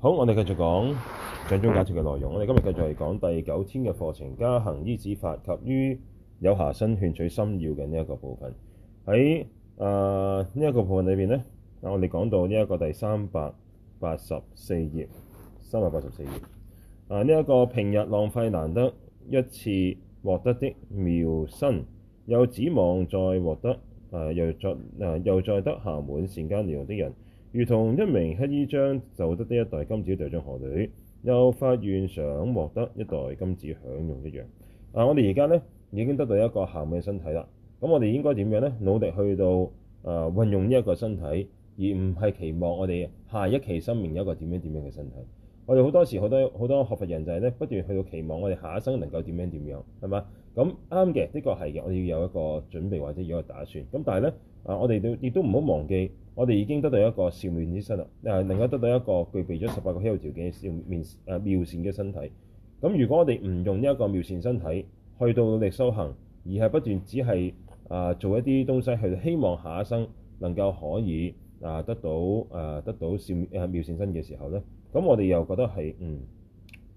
好，我哋繼續講掌中解脫嘅內容。我哋今日繼續嚟講第九天嘅課程，加行醫指法及於有暇身勸取心要嘅呢一個部分。喺啊呢一個部分裏邊咧，啊我哋講到呢一個第三百八十四頁，三百八十四頁。啊呢一個平日浪費難得一次獲得的妙身，又指望再獲得，啊、呃、又再啊、呃、又再得暇滿善加利用的人。如同一名乞丐將就得的一袋金子就像河女，又發願想獲得一袋金子享用一樣。嗱、啊，我哋而家呢已經得到一個暇滿嘅身體啦，咁我哋應該點樣呢？努力去到誒、呃、運用呢一個身體，而唔係期望我哋下一期生命有一個點樣點樣嘅身體。我哋好多時好多好多學佛人就係呢，不斷去到期望我哋下一生能夠點樣點樣，係嘛？咁啱嘅呢個係嘅，我哋要有一個準備或者有個打算。咁但係呢。啊！我哋都亦都唔好忘記，我哋已經得到一個暇滿之身啦。啊，能夠得到一個具備咗十八個希有條件嘅暇滿啊妙善嘅身體。咁如果我哋唔用呢一個妙善身體去到努力修行，而係不斷只係啊做一啲東西去希望下一生能夠可以啊得到啊得到妙啊妙善身嘅時候咧，咁我哋又覺得係嗯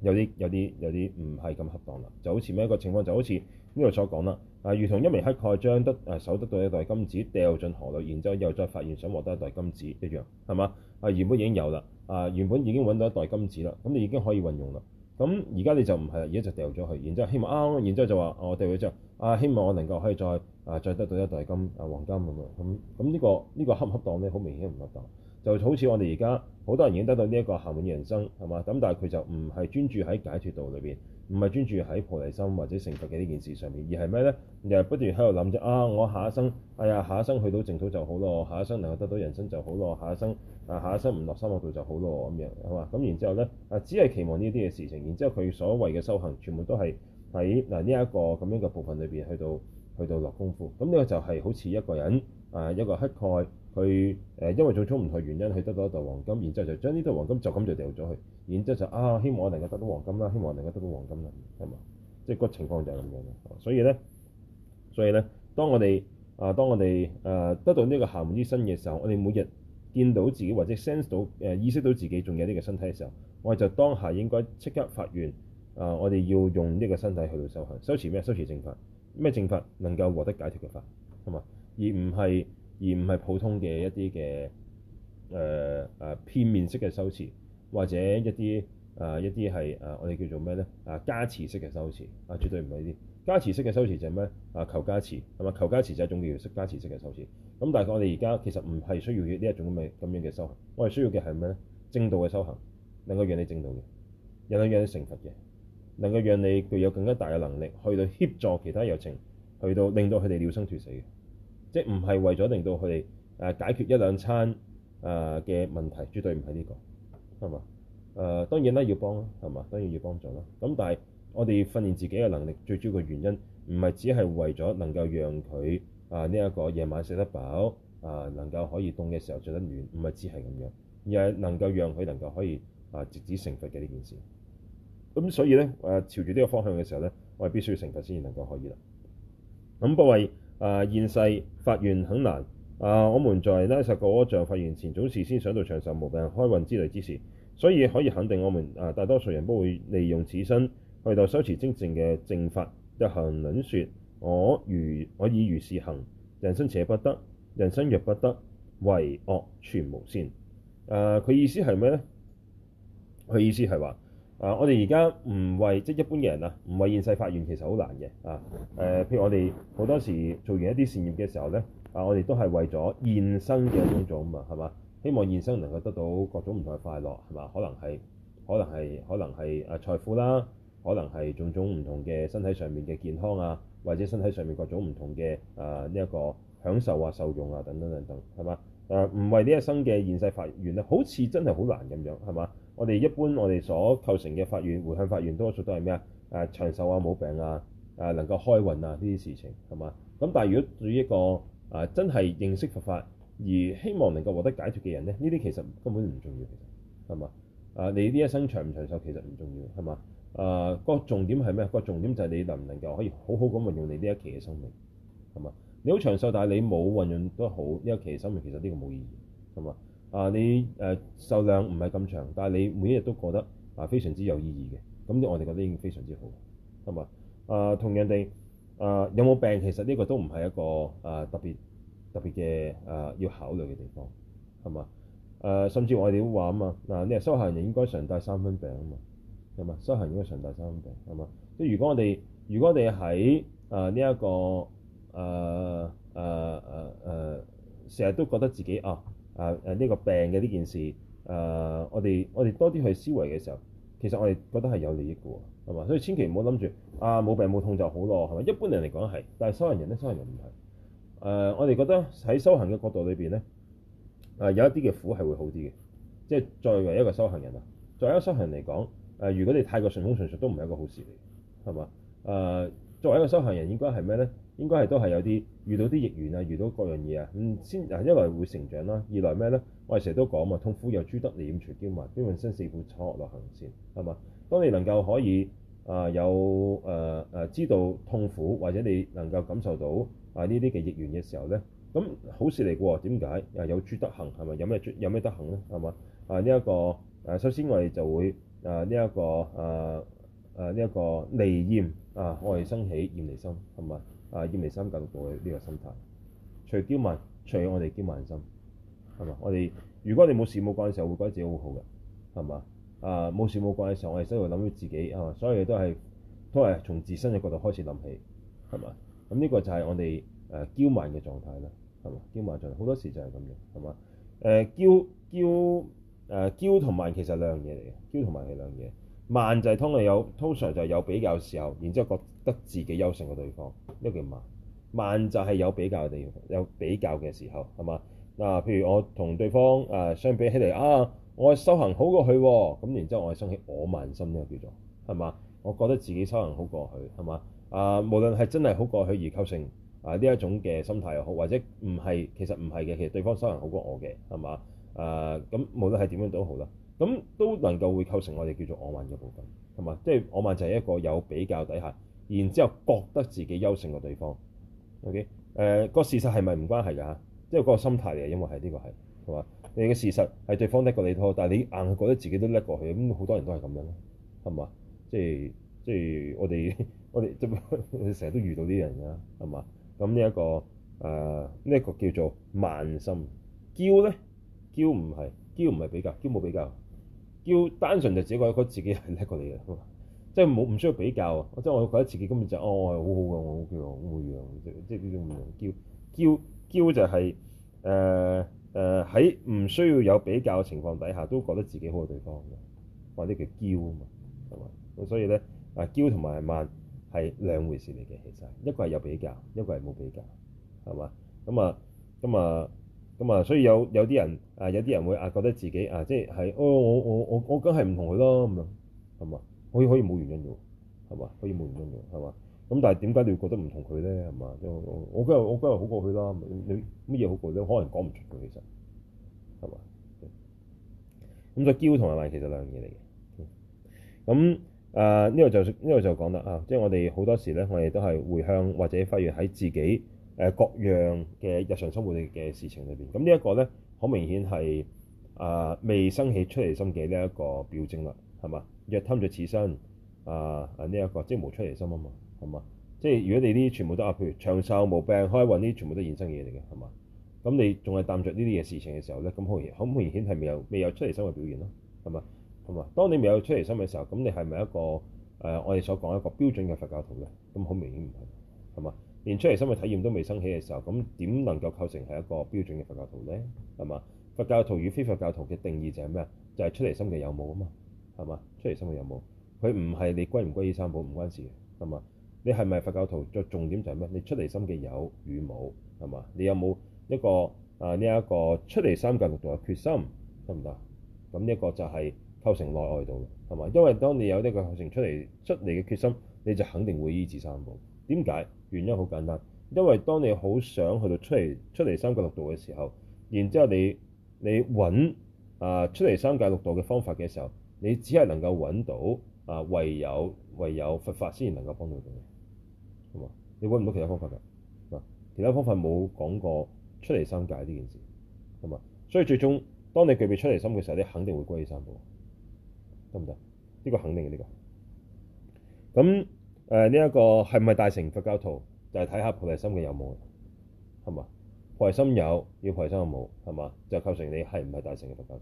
有啲有啲有啲唔係咁恰當啦。就好似咩一個情況？就好似。呢度所講啦，啊，如同一名乞丐將得，啊，守得到一袋金子掉進河裏，然之後又再發願想獲得一袋金子一樣，係嘛？啊，原本已經有啦，啊，原本已經揾到一袋金子啦，咁你已經可以運用啦。咁而家你就唔係啦，而家就掉咗去，然之後希望啱、啊、然之後就話、啊、我掉咗之後，啊，希望我能夠可以再，啊，再得到一袋金，啊，黃金咁樣。咁咁、這個這個、呢個呢個恰唔恰當咧？好明顯唔恰當，就好似我哋而家好多人已經得到呢一個幸運人生，係嘛？咁但係佢就唔係專注喺解脫道裏邊。唔係專注喺菩提心或者成佛嘅呢件事上面，而係咩呢？又係不斷喺度諗住：「啊！我下一生，哎呀，下一生去到淨土就好咯，下一生能夠得到人生就好咯，下一生啊，下一生唔落三惡道就好咯咁樣，係嘛？咁然之後呢，啊，只係期望呢啲嘅事情，然之後佢所謂嘅修行，全部都係喺嗱呢一個咁樣嘅部分裏邊去到去到落功夫。咁，嗯，呢個就係好似一個人啊，一個乞丐。佢誒、呃、因為種種唔同原因，佢得到一袋黃金，然之後就將呢袋黃金就咁就掉咗去，然之後就啊，希望我能夠得到黃金啦，希望我能夠得到黃金啦，係嘛？即係個情況就係咁樣嘅，所以咧，所以咧，當我哋啊、呃、當我哋誒、呃、得到呢個暇滿之身嘅時候，我哋每日見到自己或者 sense 到誒、呃、意識到自己仲有呢個身體嘅時候，我哋就當下應該即刻發願啊、呃！我哋要用呢個身體去到修行，修持咩？修持正法，咩正法能夠獲得解脫嘅法，係嘛？而唔係。而唔係普通嘅一啲嘅誒誒片面式嘅修辭，或者一啲誒、呃、一啲係誒我哋叫做咩咧？誒加持式嘅修辭啊，絕對唔係呢啲加持式嘅修辭就係咩啊？求加持，係嘛？求加持就係一種叫做加持式嘅修辭。咁但係我哋而家其實唔係需要呢一種咁嘅咁樣嘅修行，我哋需要嘅係咩咧？正道嘅修行能夠讓你正道嘅，能夠讓你成佛嘅，能夠讓你具有更加大嘅能力去到協助其他有情，去到令到佢哋了生脱死嘅。即係唔係為咗令到佢哋誒解決一兩餐誒嘅問題，絕對唔係呢個，係嘛？誒當然啦，要幫啦，係嘛？當然要幫助啦。咁但係我哋訓練自己嘅能力，最主要嘅原因唔係只係為咗能夠讓佢啊呢一個夜晚食得飽，啊、呃、能夠可以凍嘅時候着得暖，唔係只係咁樣，而係能夠讓佢能夠可以啊、呃、直至成佛嘅呢件事。咁所以咧，誒、呃、朝住呢個方向嘅時候咧，我哋必須要成佛先至能夠可以啦。咁不過，啊、呃！現世發願很難啊、呃！我們在拉薩覺窩像發願前，總是先想到長壽無病、開運之類之事，所以可以肯定，我們啊、呃、大多數人不會利用此身去到修持清淨嘅正法。入行論說：我如我以如是行，人身且不得，人身若不得，惟惡全無善。啊、呃！佢意思係咩咧？佢意思係話。啊！我哋而家唔為即係一般嘅人啊，唔為現世發願其實好難嘅啊。誒、呃，譬如我哋好多時做完一啲事業嘅時候咧，啊，我哋都係為咗現生嘅種種啊，係嘛？希望現生能夠得到各種唔同嘅快樂，係嘛？可能係，可能係，可能係誒財富啦，可能係種種唔同嘅身體上面嘅健康啊，或者身體上面各種唔同嘅誒呢一個享受啊、受用啊等等等等，係嘛？誒、啊，唔為呢一生嘅現世發願咧，好似真係好難咁樣，係嘛？我哋一般我哋所構成嘅法院、回向法院，多數都係咩、呃、啊？誒長壽啊、冇病啊、誒、呃、能夠開運啊呢啲事情，係嘛？咁但係如果對於一個誒、呃、真係認識佛法而希望能夠獲得解脫嘅人咧，呢啲其實根本唔重要，係嘛？誒、呃、你呢一生長唔長壽其實唔重要，係嘛？誒、呃，個重點係咩？個重點就係你能唔能夠可以好好咁運用你呢一期嘅生命，係嘛？你好長壽，但係你冇運用都好呢一期生命，其實呢個冇意義，係嘛？啊！你誒壽、呃、量唔係咁長，但係你每一日都覺得啊非常之有意義嘅。咁咧，我哋覺得已經非常之好，係嘛？啊，同樣地，啊有冇病其實呢個都唔係一個啊特別特別嘅啊要考慮嘅地方，係嘛？誒、啊、甚至我哋都話啊嘛，嗱呢日修行人應該常帶三分病啊嘛，係嘛？修行人應該常帶三分病，係嘛？即係如果我哋如果我哋喺啊呢一個誒誒誒誒，成、啊、日、啊啊啊啊、都覺得自己啊～啊誒呢、啊這個病嘅呢件事，誒、啊、我哋我哋多啲去思維嘅時候，其實我哋覺得係有利益嘅喎，係嘛？所以千祈唔好諗住啊冇病冇痛就好咯，係咪？一般人嚟講係，但係修行人咧，修行人唔係。誒、啊、我哋覺得喺修行嘅角度裏邊咧，誒、啊、有一啲嘅苦係會好啲嘅，即係作為一個修行人，修行人啊，順順順順啊，作為一個修行人嚟講，誒如果你太過順風順水都唔係一個好事嚟，係嘛？誒作為一個修行人應該係咩咧？應該係都係有啲遇到啲逆緣啊，遇到各樣嘢啊，咁先啊，一來會成長啦，二來咩咧？我哋成日都講嘛，痛苦有諸德，利，染除驕慢，因要先試副錯落行先，係嘛？當你能夠可以啊有誒誒知道痛苦，或者你能夠感受到啊呢啲嘅逆緣嘅時候咧，咁好事嚟嘅喎？點解？啊有諸德行係咪有咩有咩德行咧？係嘛？啊呢一個誒，首先我哋就會誒呢一個誒誒呢一個利染。啊！我哋生起厭離心，係嘛？啊！厭離心，教育到我哋呢個心態，除嬌慢，除咗我哋嬌慢心，係嘛？我哋如果你冇事冇掛嘅時候，會覺得自己好好嘅，係嘛？啊！冇事冇掛嘅時候，我哋生活諗到自己，係嘛？所有嘢都係都係從自身嘅角度開始諗起，係嘛？咁呢個就係我哋誒嬌慢嘅狀態啦，係嘛？嬌慢狀態好多時就係咁樣，係嘛？誒、呃、嬌嬌誒嬌同、呃、慢其實兩樣嘢嚟嘅，嬌同慢係兩樣嘢。慢就係通常有，通常就有比較時候，然之後覺得自己優勝嘅對方，呢個叫慢。慢就係有比較嘅地方。有比較嘅時候，係嘛？嗱、啊，譬如我同對方誒、呃、相比起嚟啊，我修行好過佢，咁、啊、然之後我係生起我慢心，呢個叫做係嘛？我覺得自己修行好過佢，係嘛？啊，無論係真係好過佢而構成啊呢一種嘅心態又好，或者唔係，其實唔係嘅，其實對方修行好過我嘅，係嘛？啊，咁無論係點樣都好啦。咁都能夠會構成我哋叫做我慢嘅部分，同埋即係我慢就係一個有比較底下，然之後覺得自己優勝過對方。O K，誒個事實係咪唔關係㗎？嚇，即係個心態嚟嘅，因為係呢、這個係係嘛。你嘅事實係對方叻過你多，但係你硬係覺得自己都叻過去，咁好多人都係咁樣咯，係嘛？即係即係我哋 我哋成日都遇到呢啲人㗎，係嘛？咁呢一個誒呢一個叫做慢心驕咧，驕唔係驕唔係比較，驕冇比較。驕單純就自己覺得覺得自己係叻過你嘅，即係冇唔需要比較啊！即係我覺得自己根本就是、哦，我係好好嘅，我好強，好悶，即係即係呢種驕驕驕就係誒誒喺唔需要有比較嘅情況底下都覺得自己好過對方嘅，或者叫驕啊嘛，係嘛？咁所以咧啊，驕同埋慢係兩回事嚟嘅，其實一個係有比較，一個係冇比較，係嘛？咁啊咁啊。咁啊、嗯，所以有有啲人啊，有啲人會啊，覺得自己啊，即係，哦，我我我我梗係唔同佢啦，咁樣，係嘛？可以可以冇原因嘅，係嘛？可以冇原因嘅，係嘛，咁但係點解你會覺得唔同佢咧？係嘛，我我我、嗯嗯嗯、好過去啦，你乜嘢好過都可能講唔出佢，其實，係、嗯、嘛，咁再驕同埋慢其實兩樣嘢嚟嘅，咁啊呢度就呢度就講得啊，即係我哋好多時咧，我哋都係回向或者發願喺自己。誒、呃、各樣嘅日常生活嘅事情裏邊，咁呢一個咧，好明顯係啊、呃、未生起出離心嘅呢一個表徵啦，係嘛？若貪著此身、呃、啊啊呢一個，即冇出離心啊嘛，係嘛？即如果你呢啲全部都啊，譬如長壽無病開運呢，全部都現生嘢嚟嘅，係嘛？咁你仲係貪着呢啲嘅事情嘅時候咧，咁好唔明顯係未有未有出離心嘅表現咯？係嘛？係嘛？當你未有出離心嘅時候，咁你係咪一個誒、呃、我哋所講一個標準嘅佛教徒咧？咁好明顯唔係，係嘛？連出離心嘅體驗都未生起嘅時候，咁點能夠構成係一個標準嘅佛教徒呢？係嘛？佛教徒與非佛教徒嘅定義就係咩啊？就係、是、出離心嘅有冇啊嘛？係嘛？出離心嘅有冇，佢唔係你歸唔歸依三寶唔關事嘅，係嘛？你係咪佛教徒？最重點就係咩？你出離心嘅有與冇，係嘛？你有冇一、這個啊呢一個出離心嘅入道決心得唔得？咁呢一個就係構成內外道嘅係嘛？因為當你有呢個構成出嚟出嚟嘅決心，你就肯定會依止三寶。點解？原因好簡單，因為當你好想去到出離出離三界六道嘅時候，然之後你你揾啊出離三界六道嘅方法嘅時候，你只係能夠揾到啊唯有唯有佛法先能夠幫到你，係嘛？你揾唔到其他方法㗎嗱，其他方法冇講過出離三界呢件事，係嘛？所以最終當你具備出離心嘅時候，你肯定會歸依三寶，得唔得？呢、這個肯定嘅呢、這個，咁、嗯。誒呢一個係唔係大乘佛教徒，就係睇下菩提心嘅有冇，係嘛？菩提心有，要菩提心有冇，係嘛？就構成你係唔係大乘嘅佛教徒。誒、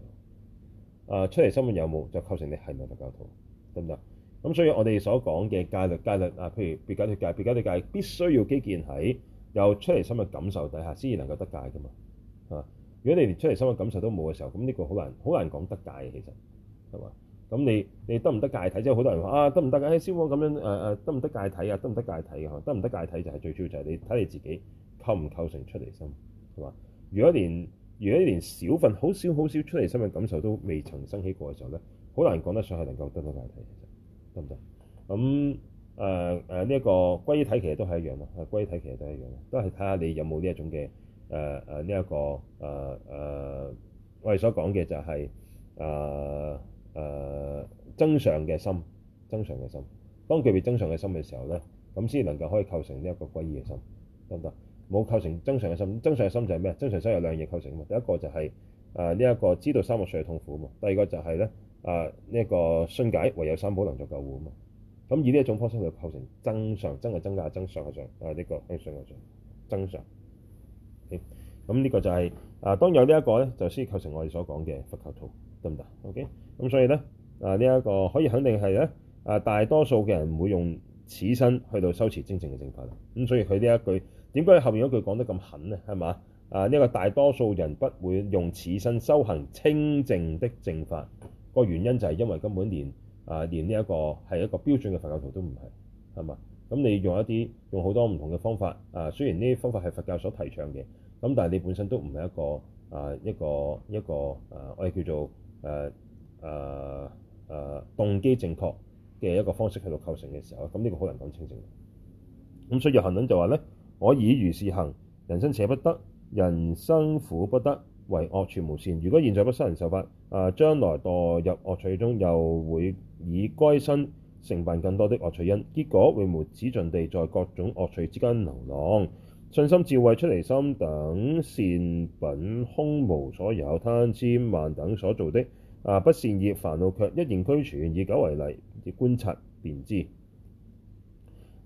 呃、出離心有冇，就構成你係唔係佛教徒，得唔得？咁所以我哋所講嘅戒律，戒律啊，譬如別解脫戒、別解脫戒，必須要基建喺有出離心嘅感受底下，先至能夠得戒噶嘛。係嘛？如果你連出離心嘅感受都冇嘅時候，咁呢個好難，好難講得戒嘅，其實係嘛？咁你你得唔得戒體？即係好多人話啊，得唔得嘅？誒、哎，消咁樣誒誒、啊，得唔得戒體啊？得唔得戒體啊？得唔得戒體就係最主要，就係你睇你自己構唔構成出離心係嘛？如果連如果連小份少份好少好少出離心嘅感受都未曾升起過嘅時候咧，好難講得上係能夠得到戒體，得唔得？咁誒誒，呢、呃、一、呃這個歸體其實都係一樣咯。歸體其實都係一樣咯，都係睇下你有冇呢一種嘅誒誒呢一個誒誒，我哋所講嘅就係、是、誒。呃誒、呃、增上嘅心，增上嘅心。當具備增上嘅心嘅時候咧，咁先能夠可以構成呢一個歸依嘅心，得唔得？冇構成增上嘅心，增上嘅心就係咩？增上心有兩樣構成啊嘛。第一個就係誒呢一個知道三惡趣嘅痛苦啊嘛。第二個就係咧誒呢一個信解，唯有三寶能做救護啊嘛。咁以呢一種方式就構成增上真係增解增上嘅上啊呢個增上嘅上，增上，上增上。咁呢、嗯嗯這個就係、是、啊、呃、當有呢一個咧，就先構成我哋所講嘅佛求道。得唔得？OK，咁、嗯、所以咧啊，呢、呃、一、這個可以肯定係咧啊，大多數嘅人唔會用此身去到修持清淨嘅正法啦。咁、嗯、所以佢呢一句，點解後面嗰句講得咁狠咧？係嘛啊？呢、呃這個大多數人不會用此身修行清淨的正法。個原因就係因為根本連啊、呃，連呢一個係一個標準嘅佛教徒都唔係係嘛。咁你用一啲用好多唔同嘅方法啊、呃，雖然呢啲方法係佛教所提倡嘅，咁但係你本身都唔係一個啊、呃、一個一個啊、呃，我哋叫做。誒誒誒動機正確嘅一個方式去到構成嘅時候，咁呢個好難講清醒。咁、嗯、所以入行論就話咧，我以如是行，人身且不得，人身若不得，惟惡全無善。如果現在不修人受法，誒、啊、將來墮入惡趣中，又會以該身成辦更多的惡趣因，結果會無止盡地在各種惡趣之間流浪。信心智慧出離心等善品空無所有，貪瞋慢等所做的啊不善業，煩惱卻一應俱全。以狗為例，以觀察便知。誒、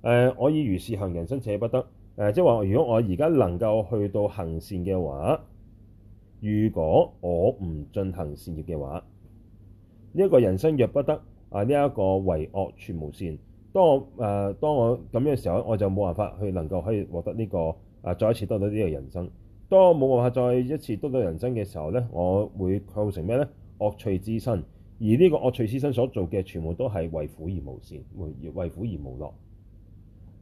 呃，我以如是行，人身且不得。誒、呃，即係話，如果我而家能夠去到行善嘅話，如果我唔進行善業嘅話，呢、這、一個人身若不得啊，呢、呃、一、這個惟惡全無善。當我誒、呃、當我咁樣時候，我就冇辦法去能夠可以獲得呢、這個誒、呃、再一次得到呢嘅人生。當我冇辦法再一次得到人生嘅時候咧，我會構成咩咧？惡趣之身。而呢個惡趣之身所做嘅全部都係為苦而無善，為為苦而無樂。誒、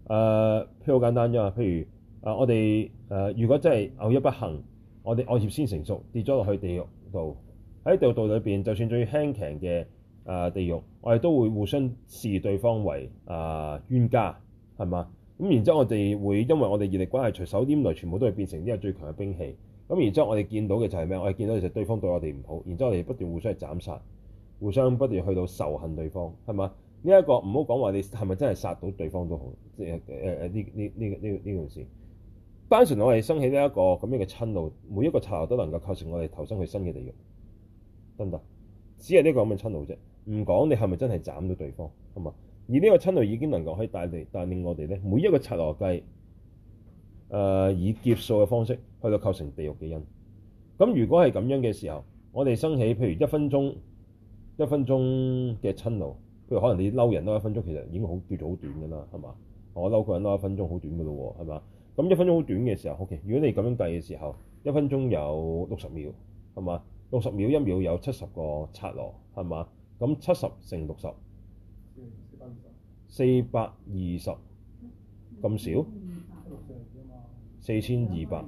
呃、譬如好簡單啫，譬如誒、呃、我哋誒、呃、如果真係偶一不幸，我哋惡業先成熟，跌咗落去地獄度。喺地獄度裏邊，就算最輕強嘅。誒地獄，我哋都會互相視對方為誒、呃、冤家，係嘛？咁然之後我哋會因為我哋熱力關係，隨手拈來全部都會變成呢個最強嘅兵器。咁然之後我哋見到嘅就係咩？我哋見到就係對方對我哋唔好，然之後我哋不斷互相去斬殺，互相不斷去到仇恨對方，係嘛？呢、這、一個唔好講話你係咪真係殺到對方都好，即係誒誒誒呢呢呢呢呢件事，單純我哋生起呢一個咁樣嘅親路，每一個插都能夠構成我哋投身去新嘅地獄，得唔得？只係呢個咁嘅親路啫。唔講，你係咪真係斬咗對方？係嘛？而呢個親奴已經能夠可以帶嚟，帶領我哋咧每一個拆螺計誒、呃、以劫數嘅方式去到構成地獄嘅因。咁如果係咁樣嘅時候，我哋升起譬如一分鐘一分鐘嘅親奴，譬如可能你嬲人多一分鐘，其實已經好短，好短㗎啦，係嘛？我嬲個人多一分鐘，好短㗎咯喎，係嘛？咁一分鐘好短嘅時候，OK。如果你咁樣計嘅時候，一分鐘有六十秒，係嘛？六十秒，一秒有七十個拆螺，係嘛？咁七十乘六十，四百二十，四百二十咁少？四千二百，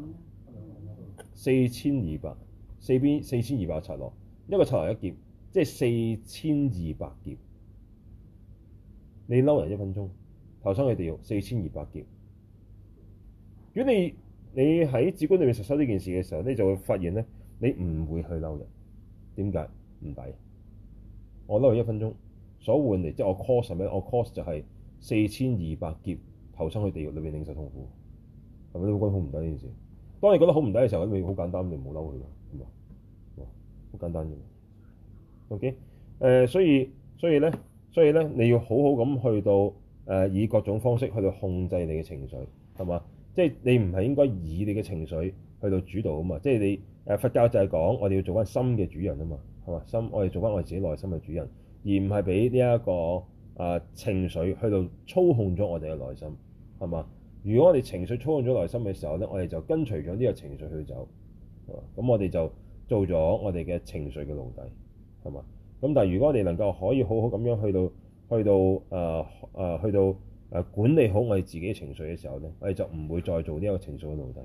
四千二百，四邊四千二百七落，一個七，落一劫，即係四千二百劫。你嬲人一分鐘，頭先佢哋要四千二百劫。如果你你喺自觀裏面實修呢件事嘅時候，你就會發現咧，你唔會去嬲人。點解？唔抵。我嬲佢一分鐘，所換嚟即係我 cost 咩？我 cost 就係四千二百劫投生去地獄裏邊領受痛苦，係咪都覺得好唔抵呢件事？當你覺得好唔抵嘅時候，咁你好簡單，你唔好嬲佢咯，係嘛？好簡單啫。OK，誒、呃，所以所以咧，所以咧，你要好好咁去到誒、呃，以各種方式去到控制你嘅情緒，係嘛？即、就、係、是、你唔係應該以你嘅情緒去到主導啊嘛？即係、就是、你誒、呃、佛教就係講，我哋要做翻心嘅主人啊嘛。係嘛？心我哋做翻我哋自己內心嘅主人，而唔係俾呢一個啊、呃、情緒去到操控咗我哋嘅內心，係嘛？如果我哋情緒操控咗內心嘅時候呢，我哋就跟隨咗呢個情緒去走，咁我哋就做咗我哋嘅情緒嘅奴隸，係嘛？咁但係如果我哋能夠可以好好咁樣去到去到、呃、啊啊去到啊管理好我哋自己情緒嘅時候呢，我哋就唔會再做呢個情緒嘅奴隸。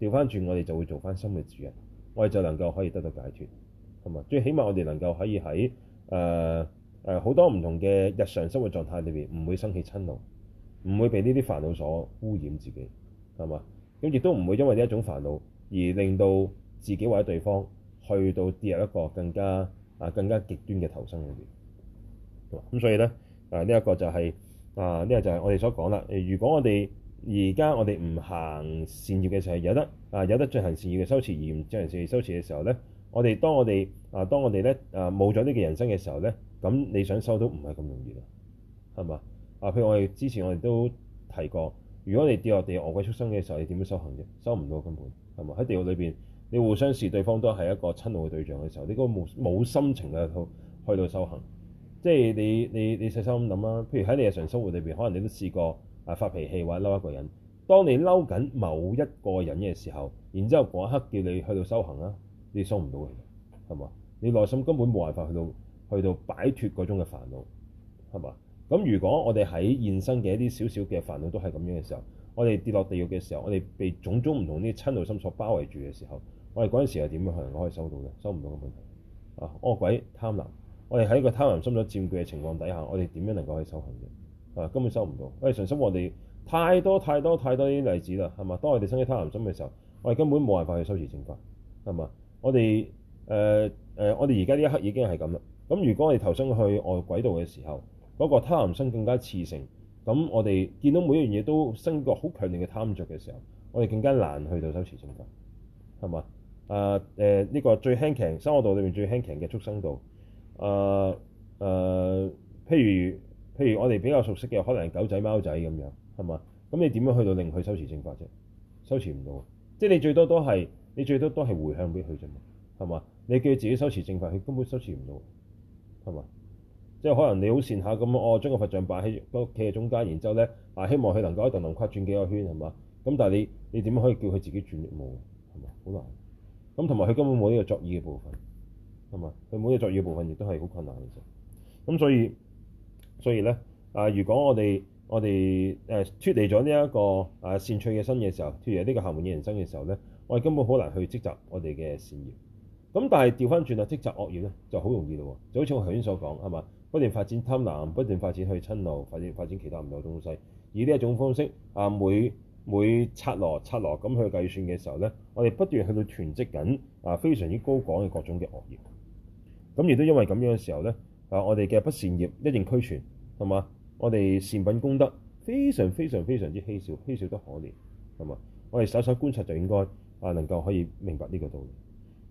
調翻轉我哋就會做翻心嘅主人，我哋就能夠可以得到解脫。同埋最起碼我哋能夠可以喺誒誒好多唔同嘅日常生活狀態裏邊，唔會生氣嗔怒，唔會被呢啲煩惱所污染自己，係嘛？咁亦都唔會因為呢一種煩惱而令到自己或者對方去到跌入一個更加啊更加極端嘅投生裏邊。咁所以咧誒呢一個、啊呢個就係、是、啊呢、呢個就係我哋所講啦、呃。如果我哋而家我哋唔行善業嘅時候有得啊有得進行善業嘅修持而唔進行善業修持嘅時候咧。呢我哋當我哋啊，當我哋咧啊，冇咗呢個人生嘅時候咧，咁你想修都唔係咁容易啊，係嘛啊？譬如我哋之前我哋都提過，如果你跌落地獄、餓鬼、畜生嘅時候，你點樣修行啫？修唔到根本係嘛？喺地獄裏邊，你互相視對方都係一個親惡嘅對象嘅時候，你個冇冇心情去去到修行。即係你你你，你細心咁諗啦，譬如喺你日常生活裏邊，可能你都試過啊發脾氣或者嬲一個人。當你嬲緊某一個人嘅時候，然之後嗰一刻叫你去到修行啦。你收唔到嘅，係嘛？你內心根本冇辦法去到去到擺脫嗰種嘅煩惱，係嘛？咁如果我哋喺現身嘅一啲少少嘅煩惱都係咁樣嘅時候，我哋跌落地獄嘅時候，我哋被種種唔同啲親愛心所包圍住嘅時候，我哋嗰陣時係點樣可能可以收到嘅？收唔到嘅問題。啊，惡鬼貪婪，我哋喺個貪婪心所佔據嘅情況底下，我哋點樣能夠去修行嘅？啊，根本收唔到。我哋純心，我哋太多太多太多啲例子啦，係嘛？當我哋生起貪婪心嘅時候，我哋根本冇辦法去修持正法，係嘛？我哋誒誒，我哋而家呢一刻已經係咁啦。咁如果我哋投身去外軌道嘅時候，嗰、那個貪心更加熾盛。咁我哋見到每一樣嘢都生個好強烈嘅貪着嘅時候，我哋更加難去到修持正法，係嘛？啊、呃、誒，呢、呃這個最輕強三惡道裏面最輕強嘅畜生道。啊、呃、啊、呃，譬如譬如我哋比較熟悉嘅，可能係狗仔貓仔咁樣，係嘛？咁你點樣去到令佢修持正法啫？修持唔到，即係你最多都係。你最多都係回向俾佢啫嘛，係嘛？你叫佢自己修持正法，佢根本修持唔到，係嘛？即係可能你好善下咁樣，哦，將個佛像擺喺屋企嘅中間，然之後咧，啊，希望佢能夠喺度能跨轉幾個圈，係嘛？咁但係你你點可以叫佢自己轉嘅冇？係嘛？好難。咁同埋佢根本冇呢個作意嘅部分，係嘛？佢冇呢個作意嘅部分，亦都係好困難嘅。咁所以所以咧，啊，如果我哋我哋誒脱離咗呢一個啊善趣嘅身嘅時候，脱離呢個暇滿嘅人生嘅時候咧。我哋根本好難去積集我哋嘅善業，咁但係調翻轉啦，積集惡業咧就好容易啦。就好似我頭先所講，係嘛，不斷發展貪婪，不斷發展去瞋怒，發展發展其他唔同嘅東西，以呢一種方式啊，每每拆羅拆羅咁去計算嘅時候咧，我哋不斷去到囤積緊啊，非常之高廣嘅各種嘅惡業。咁亦都因為咁樣嘅時候咧，啊，我哋嘅不善業一應俱全，係嘛，我哋善品功德非常非常非常之稀少，稀少得可憐。係嘛，我哋稍稍觀察就應該。啊，能夠可以明白呢個道理，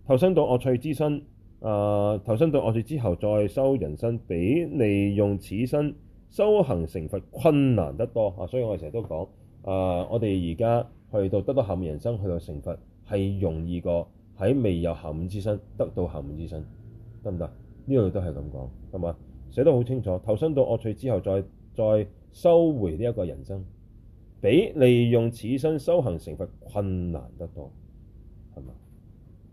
投身到惡趣之身，啊，投身到惡趣之後再修人身，比利用此身修行成佛困難得多啊！所以我哋成日都講，啊，我哋而家去到得到後面人生去到成佛，係容易過喺未有後面之身，得到後面之身，得唔得？呢個都係咁講，係嘛？寫得好清楚，投身到惡趣之後再再收回呢一個人生。比利用此身修行成佛困難得多，係嘛？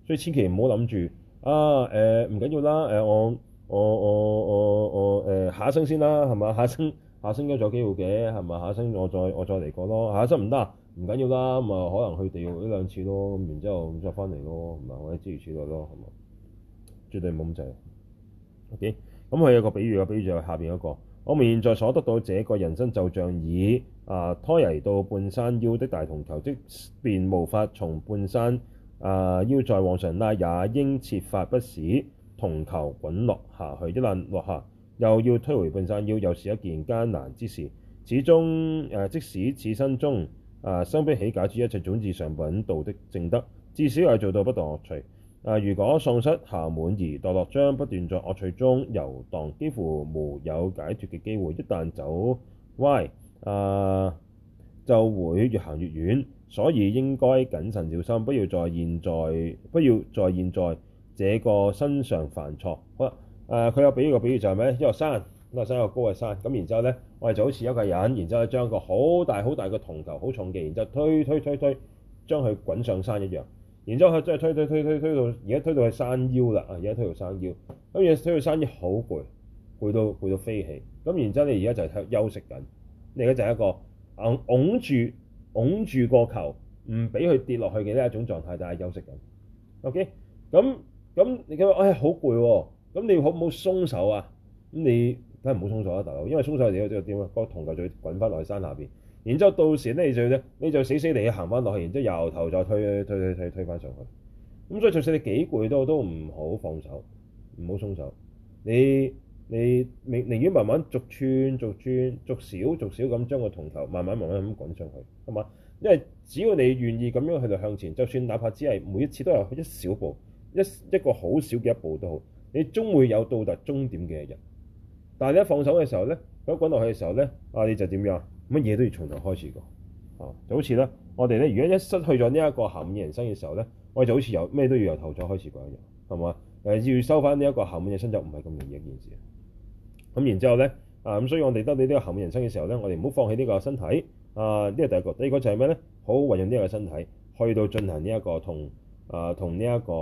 所以千祈唔好諗住啊！誒，唔緊要啦，誒、呃、我我我我我誒、呃、下一生先啦，係嘛？下一生下一生都有機會嘅，係咪？下一生我再我再嚟過咯。下一生唔得唔緊要啦，咁啊可能去地獄一兩次咯，咁然之後再翻嚟咯，唔係我哋諸如此類咯，係嘛？絕對冇咁滯。OK，咁佢有個比喻嘅，比喻就係下邊嗰個。我們現在所得到，這個人生就像以。啊！拖曳到半山腰的大銅球，即便無法從半山啊腰再往上拉，也應設法不使銅球滾落下去。一旦落下，又要推回半山腰，又是一件艱難之事。始終，誒、啊，即使此身中啊，生不起解脫、一切智等上品道的證德，至少係做到不墮惡趣。啊，如果喪失暇滿而墮落，將不斷在惡趣中遊蕩，幾乎沒有解脫嘅機會。一旦走歪，啊，uh, 就會越行越遠，所以應該謹慎小心，不要在現在，不要在現在這個身上犯錯。好啦，誒、啊，佢有俾個比喻就係咩？一個山，一個山，一個高嘅山，咁然之後咧，我哋就好似一個人，然之後將一個好大好大個銅球好重嘅，然之後推推推推，將佢滾上山一樣。然之後佢即係推推推推推，推到，而家推到去山腰啦，啊，而家推到山腰，咁要推到山腰好攰，攰到攰到飛起。咁然之後咧，而家就係休休息緊。你嘅就係一個拱住拱住個球，唔俾佢跌落去嘅呢一種狀態就係、是、休息緊。OK，咁咁你咁話：哎，好攰喎！咁你好唔好鬆手啊？咁你梗係唔好鬆手啦、啊，大佬，因為鬆手你又點啊？個銅球就要滾翻落去山下邊，然之後到時咧你就咧你就死死地行翻落去，然之後由頭再推推推推推翻上去。咁所以就算你幾攰都都唔好放手，唔好鬆手，你。你寧寧願慢慢逐寸逐寸逐少逐少咁將個銅球慢慢慢慢咁滾上去，係嘛？因為只要你願意咁樣去到向前，就算哪怕只係每一次都有一小步，一一個好少嘅一步都好，你終會有到達終點嘅一日。但係你一放手嘅時候咧，一滾落去嘅時候咧，啊你就點樣？乜嘢都要從頭開始過啊！就好似咧，我哋咧如果一失去咗呢一個暇滿人生嘅時候咧，我就好似由咩都要由頭再開始過一樣，係嘛？誒要收翻呢一個暇滿人生就唔係咁容易一件事。咁然之後咧，啊咁，所以我哋得你呢個暇滿人生嘅時候咧，我哋唔好放棄呢個身體啊！呢、呃、個第一個，第二個就係咩咧？好好運用呢個身體去到進行呢、這、一個同啊、呃、同呢、這、一個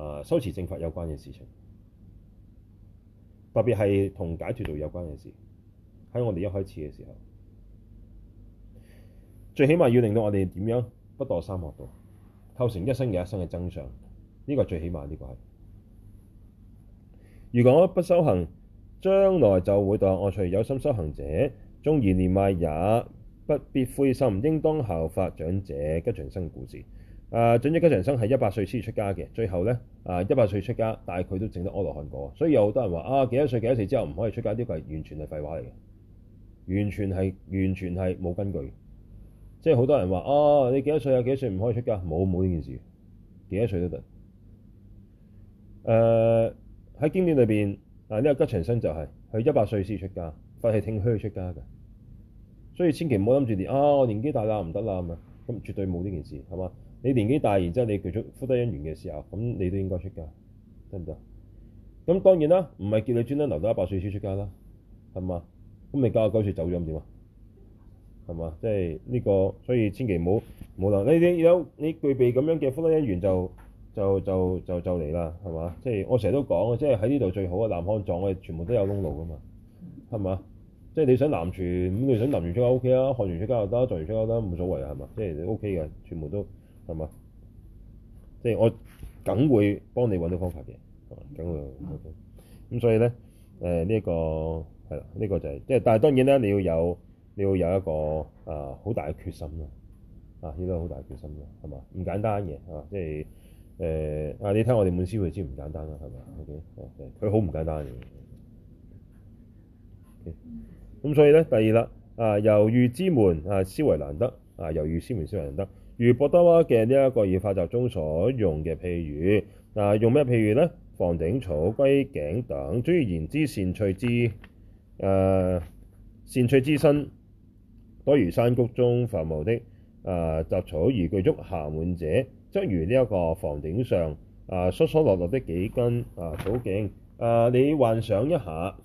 啊、呃、修持正法有關嘅事情，特別係同解脫道有關嘅事。喺我哋一開始嘅時候，最起碼要令到我哋點樣不墮三惡道，構成一生嘅一生嘅增上。呢、這個最起碼，呢、這個係。如果我不修行，將來就會墮惡趣，有心修行者，縱然年邁，也不必灰心，應當效法長者吉祥生故事。誒、呃，長者吉祥生係一百歲先至出家嘅，最後咧誒一百歲出家，但係佢都整得阿羅漢果。所以有好多人話啊，幾多歲幾多歲之後唔可以出家，呢、這個係完全係廢話嚟嘅，完全係完全係冇根據。即係好多人話啊，你幾多歲有幾多歲唔可以出家，冇冇呢件事，幾多歲都得。誒、呃，喺經典裏邊。嗱，呢、啊這個吉祥生就係、是、佢一百歲先出家，佛係挺靴出家嘅，所以千祈唔好諗住年啊，我年紀大啦唔得啦咁啊，咁絕對冇呢件事，係嘛？你年紀大，然之後你具足福德因緣嘅時候，咁你都應該出家，得唔得？咁當然啦，唔係叫你專登留到一百歲先出家啦，係嘛？咁你九十九歲走咗點啊？係嘛？即係呢、這個，所以千祈唔好冇好啦，你你有你具備咁樣嘅福德因緣就。就就就就嚟啦，係嘛？即係我成日都講，即係喺呢度最好嘅南康撞嘅全部都有窿路噶嘛，係嘛？即係你想南泉，咁、嗯、你想南泉出街 O K 啦，看泉出街又得，做完出街得，冇所謂啊，係嘛？即係 O K 嘅，全部都係嘛？即係我梗會幫你揾到方法嘅，梗會咁。嗯、所以咧，誒、呃、呢、呢個係啦，呢、呢個就係即係，但係當然啦，你要有你要有一個啊好、呃、大嘅決心啦，啊呢個好大決心㗎，係嘛？唔簡單嘅，係、啊、即係。誒、呃、啊！你睇我哋滿思維之唔簡單啦，係咪？OK 佢好唔簡單嘅。咁、okay. 所以咧，第二粒啊，由喻之門啊，思維難得啊，由喻之門思維難得。如博朵瓦嘅呢一個喻法集中所用嘅譬喻，啊，用咩譬喻咧？房頂草、龜頸等，總而言之善趣之誒、啊、善趣之身，多如山谷中繁茂的啊雜草，而具足暇滿者。則如呢一個房頂上啊，疏疏落落的幾根啊草莖啊，uh, 你幻想一下啊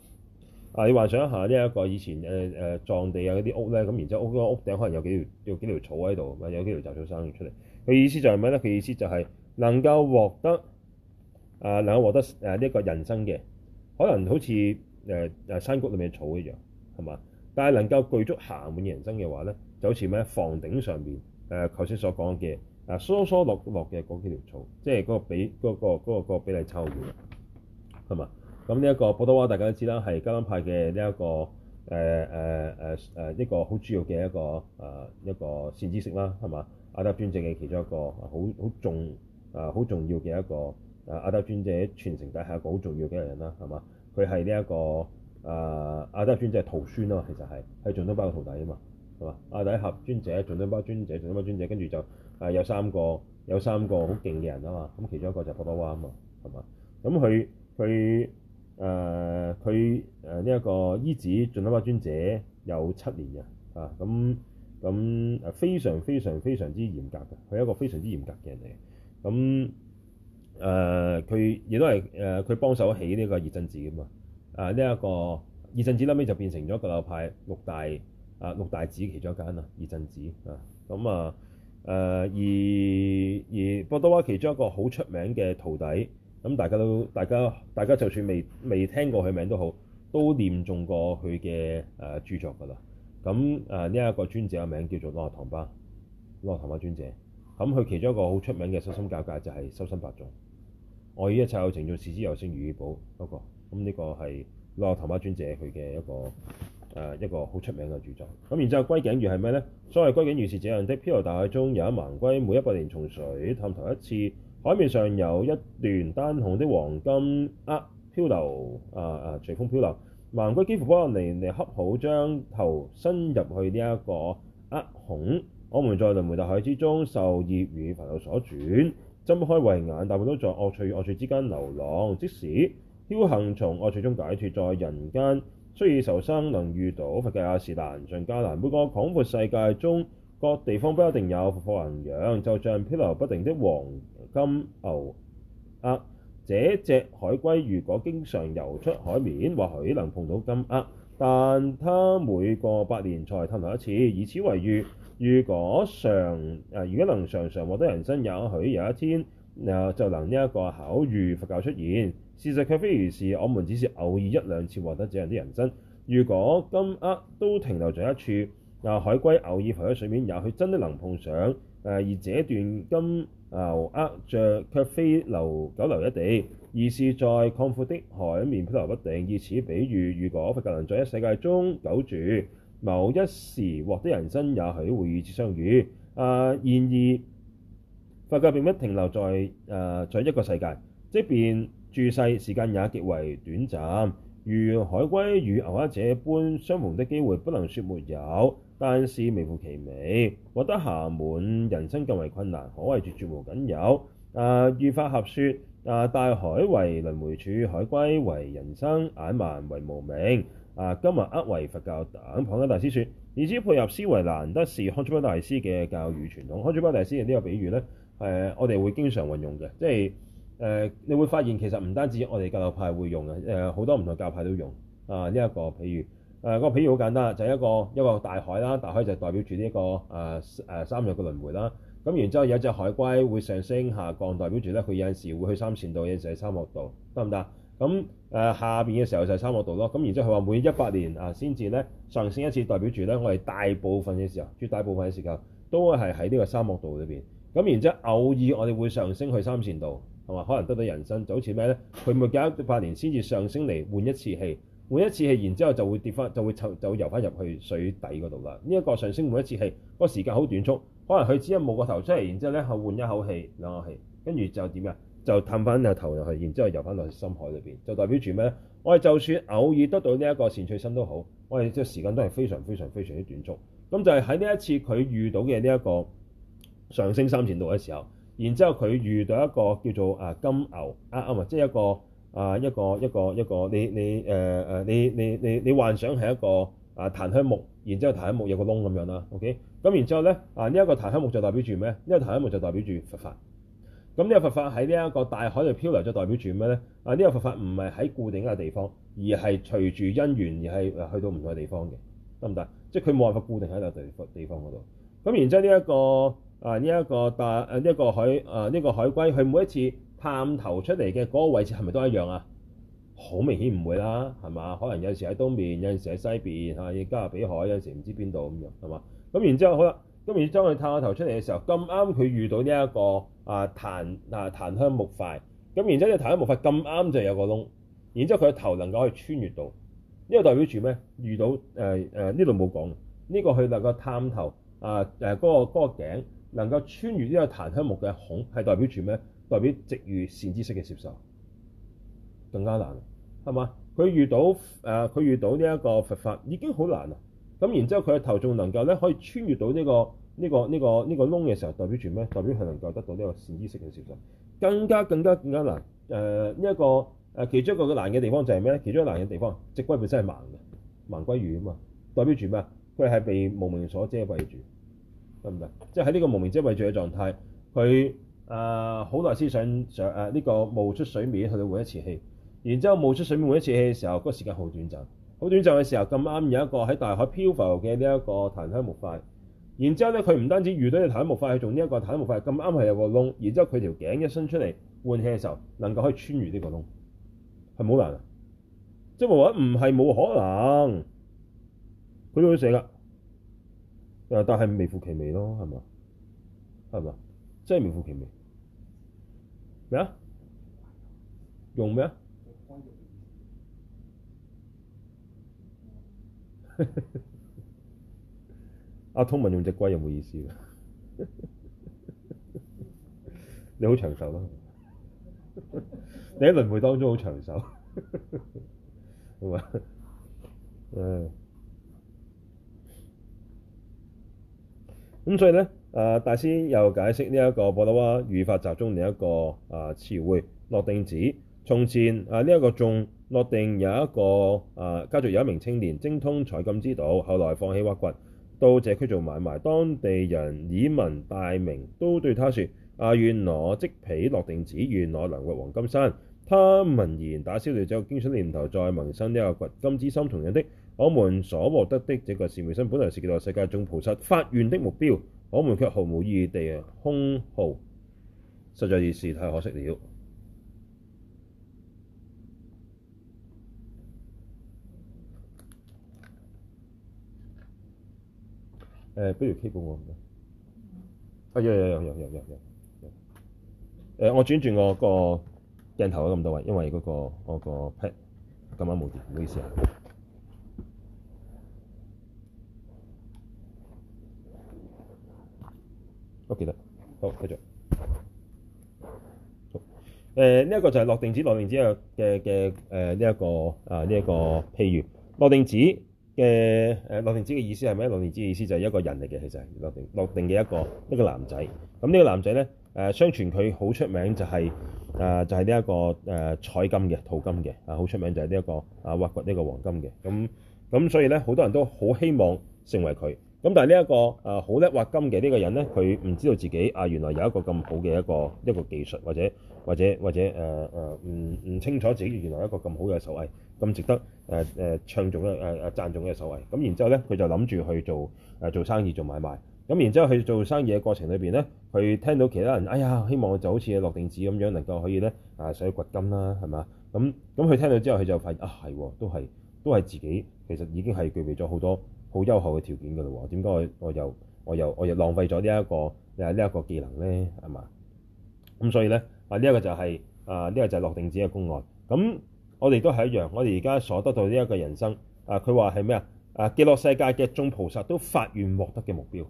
，uh, 你幻想一下呢一個以前誒誒藏地啊嗰啲屋咧，咁然之後屋屋頂可能有幾條有幾條草喺度，咪有幾條雜草生出嚟。佢意思就係咩咧？佢意思就係能夠獲得啊，uh, 能夠獲得誒呢一個人生嘅可能好似誒誒山谷裡面嘅草一樣，係嘛？但係能夠具足暇滿嘅人生嘅話咧，就好似咩房頂上面誒，頭、uh, 先所講嘅。嗱，疏疏落落嘅嗰幾條草，即係嗰個比嗰、嗰個嗰、嗰個嗰個、比例抽嘅，係嘛？咁呢一個博朵瓦大家都知啦，係噶當派嘅呢、這個呃呃呃、一個誒誒誒誒一個好主要嘅一個誒一個善知識啦，係、呃、嘛、呃這個呃？阿德尊者嘅其中一個好好重啊好重要嘅一個阿德尊者傳承底下一個好重要嘅人啦，係嘛？佢係呢一個啊阿德尊者嘅徒孫啊，其實係係仲敦巴嘅徒弟啊嘛，係嘛？阿底峽尊者，仲敦巴尊者，仲敦巴尊者，跟住就。係有三個有三個好勁嘅人啊嘛，咁其中一個就係博朵瓦啊嘛，係嘛？咁佢佢誒佢誒呢一個依止仲敦巴尊者有七年嘅啊，咁咁誒非常非常非常之嚴格嘅，佢係一個非常之嚴格嘅人嚟。咁誒佢亦都係誒佢幫手起呢個熱振寺嘅嘛，誒呢一個熱振寺後尾就變成咗格魯派六大啊六大寺其中一間啦，熱振寺啊咁啊。啊。誒而而博朵瓦其中一個好出名嘅徒弟，咁大家都大家大家就算未未聽過佢名都好，都念誦過佢嘅誒著作㗎啦。咁誒呢一個尊者嘅名叫做朗日塘巴，朗日塘巴尊者。咁佢其中一個好出名嘅修心教誡就係《修心八頌》，我以一切有情眾，視之尤勝如意寶。嗰、那個咁呢個係朗日塘巴尊者佢嘅一個。誒、啊、一個好出名嘅著作，咁、啊、然之後，龜頸喻係咩呢？所謂龜頸喻是這樣的：漂流大海中有一盲龜，每一百年從水探頭一次，海面上有一段帶孔的黃金軛漂、啊、流，啊啊隨風漂流。盲龜幾乎可能嚟嚟恰好將頭伸入去呢、這、一個軛、啊、孔。我們在輪迴大海之中受熱，受業與煩惱所轉，睜開慧眼，大部分都在惡趣與惡趣之間流浪。即使僥倖從惡趣中解脫，在人間。所以，受生，能遇到佛教也是難上加難。每個廣闊世界中，各地方不一定有佛教宏揚，就像漂流不定的黃金牛軛、啊。這隻海龜如果經常游出海面，或許能碰到金軛、啊，但它每過百年才探頭一次。以此為喻，如果常啊，如果能常常獲得人身，也許有一天啊，就能呢一個巧遇佛教出現。事實卻非如是，我們只是偶爾一兩次獲得這樣的人身。如果金牛軛都停留在一處，啊，海龜偶爾浮喺水面，也許真的能碰上。啊、而這段金牛軛軛卻非留久留一地，而是在廣闊的海面漂浮不定。以此比喻，如果佛教能在一世界中久住，某一時獲得人身，也許會與之相遇。啊，然而佛教並不停留在、啊、在一個世界，即便。住世時間也極為短暫，如海龜與牛軛者般相逢的機會，不能説沒有，但是微乎其微。獲得暇滿人身更為困難，可謂絕絕無僅有。啊，如法合説，啊，大海為輪迴處，海龜為人身，眼盲為無明。啊，金牛軛為佛教等，帕繃喀大師説，而此配合思維難得是珠康巴大師嘅語教傳統。珠康巴大師呢個比喻呢。」誒，我哋會經常運用嘅，即係。誒，你會發現其實唔單止我哋格魯派會用嘅，誒，好多唔同教派都用啊。呢一個譬如誒，個譬如好簡單，就係一個一個大海啦，大海就代表住呢一個誒、誒三日嘅輪迴啦。咁然之後有一隻海龜會上升下降，代表住咧佢有陣時會去三善道，有陣時喺三惡道，得唔得？咁誒下邊嘅時候就係三惡道咯。咁然之後佢話每一百年啊先至咧上升一次，代表住咧我哋大部分嘅時候，絕大部分嘅時候都係喺呢個三惡道裏邊。咁然之後偶爾我哋會上升去三善道，係嘛？可能得到人生就好似咩呢？佢每隔一百年先至上升嚟換一次氣，換一次氣，然之後就會跌翻，就會就會遊翻入去水底嗰度啦。呢一個上升換一次氣，個時間好短促，可能佢只係冒個頭出嚟，然之後咧去換一口氣、兩口氣，跟住就點呀？就探翻個頭入去，然之後遊翻落去深海裏邊，就代表住咩咧？我哋就算偶爾得到呢一個善趣身都好，我哋即係時間都係非常非常非常之短促。咁就係喺呢一次佢遇到嘅呢一個上升三千度嘅時候。然之後佢遇到一個叫做啊金牛啊啊即係一個啊一個一個一個你你誒誒、呃、你你你你，你幻想係一個啊檀香木，然之後檀香木有個窿咁樣啦，OK？咁然之後咧啊呢一、呢個檀香木就代表住咩？呢、呢個檀香木就代表住佛法。咁呢個佛法喺呢一個大海度漂流，就代表住咩咧？啊呢、呢個佛法唔係喺固定，行行固定一個地方，而係隨住因緣而係去到唔同嘅地方嘅，得唔得？即係佢冇辦法固定喺一個地地方嗰度。咁然之後呢、呢、一個。啊！呢一個大，誒，呢一個海，誒呢個海龜，佢每一次探頭出嚟嘅嗰個位置係咪都一樣啊？好明顯唔會啦，係嘛？可能有陣時喺東面，有陣時喺西邊嚇，依加勒比海有時唔知邊度咁樣係嘛？咁然之後好啦，咁然之後佢探個頭出嚟嘅時候，咁啱佢遇到呢一個啊檀啊檀香木塊，咁然之後呢個檀香木塊咁啱就有個窿，然之後佢個頭能夠可以穿越到，呢個代表住咩？遇到誒，誒呢度冇講，呢個佢那個探頭啊誒嗰個嗰能夠穿越呢個檀香木嘅孔，係代表住咩？代表值遇善知識嘅攝受，更加難，係嘛？佢遇到誒，佢遇到呢一個佛法已經好難啦。咁然之後，佢嘅頭仲能夠咧可以穿越到呢個呢個呢個呢個窿嘅時候，代表住咩？代表佢能夠得到呢個善知識嘅攝受，更加更加更加難。呢一個誒其中一個嘅難嘅地方就係咩咧？其中一個難嘅地方，隻龜本身係盲嘅，盲龜喻啊嘛，代表住咩啊？佢係被無明所遮蔽住。得唔得？即係喺呢個無明之位著嘅狀態，佢、呃、啊好耐先想上誒呢個冒出水面去換一次氣，然之後冒出水面換一次氣嘅時候，嗰、那個時間好短暫，好短暫嘅時候咁啱有一個喺大海漂浮嘅呢一個檀香木塊，然之後咧佢唔單止遇到隻檀香木塊，佢仲呢一個檀香木塊，咁啱係有個窿，然之後佢條頸一伸出嚟換氣嘅時候，能夠可以穿越呢個窿，係好難啊！即係話唔係冇可能，佢會死啊！但係微乎其微咯，係嘛？係嘛？真係微乎其微。咩 啊？用咩啊？阿通文用隻龜有冇意思？ 你好長壽咯、啊！ 你喺輪迴當中好長壽，係 嘛？誒、哎。咁所以咧，誒、啊、大師又解釋呢一個博朵瓦喻法集中另一個啊詞彙洛定子。從前啊呢一、這個仲洛定有一個啊家族，有一名青年精通財金之道，後來放棄挖掘，到謝區做買賣。當地人以聞大名，都對他説：阿、啊、願我即彼洛定子，願我能掘黃金山。他聞言打消了這個經商念頭，再萌生呢個掘金之心，同樣的。我們所獲得的這個善妙身，本來是極樂世界眾菩薩發願的目標，我們卻毫無意義地空耗，實在是太可惜了。不、呃、如 K 俾我唔該。哎呀呀呀呀呀呀！誒、呃，我轉轉我個鏡頭啊，咁多位，因為嗰、那個我個 pad 今晚冇電，唔好意思啊。記得好繼續。誒呢一個就係洛定子，洛定子嘅嘅嘅，誒呢一個啊，呢一個譬如洛定子嘅，誒洛定子嘅意思係咩？洛定子嘅意思就係一個人嚟嘅，其實洛定洛定嘅一個一個男仔。咁、嗯、呢、這個男仔咧，誒，相傳佢好出名就係、是、誒、呃、就係呢一個誒採、呃、金嘅淘金嘅，啊，好出名就係呢一個啊挖掘呢個黃金嘅。咁、嗯、咁、嗯、所以咧，好多人都好希望成為佢。咁 cin stereotype 但係呢一個誒好叻挖金嘅呢個人咧，佢唔知道自己啊原來有一個咁好嘅一個一個技術或，或者或者或者誒誒唔唔清楚自己原來一個咁好嘅手藝，咁值得誒誒、呃、唱重嘅誒誒讚重嘅手藝。咁然之後咧，佢就諗住去做誒、啊、做生意做買賣。咁然之後去做生意嘅過程裏邊咧，佢聽到其他人哎呀、呃、希望就好似洛定子咁樣，能夠可以咧啊想去掘金啦，係咪？咁咁佢聽到之後，佢就發現啊係，都係都係自己其實已經係具備咗好多 se 擁 tes 國 好優厚嘅條件㗎啦喎，點解我我又我又我又浪費咗呢一個誒呢一個技能咧？係嘛咁，所以咧啊，呢、這、一個就係、是、啊呢、這個就係洛定子嘅公案。咁、啊、我哋都係一樣，我哋而家所得到呢一個人生啊，佢話係咩啊？誒，極樂世界嘅眾菩薩都發願獲得嘅目標，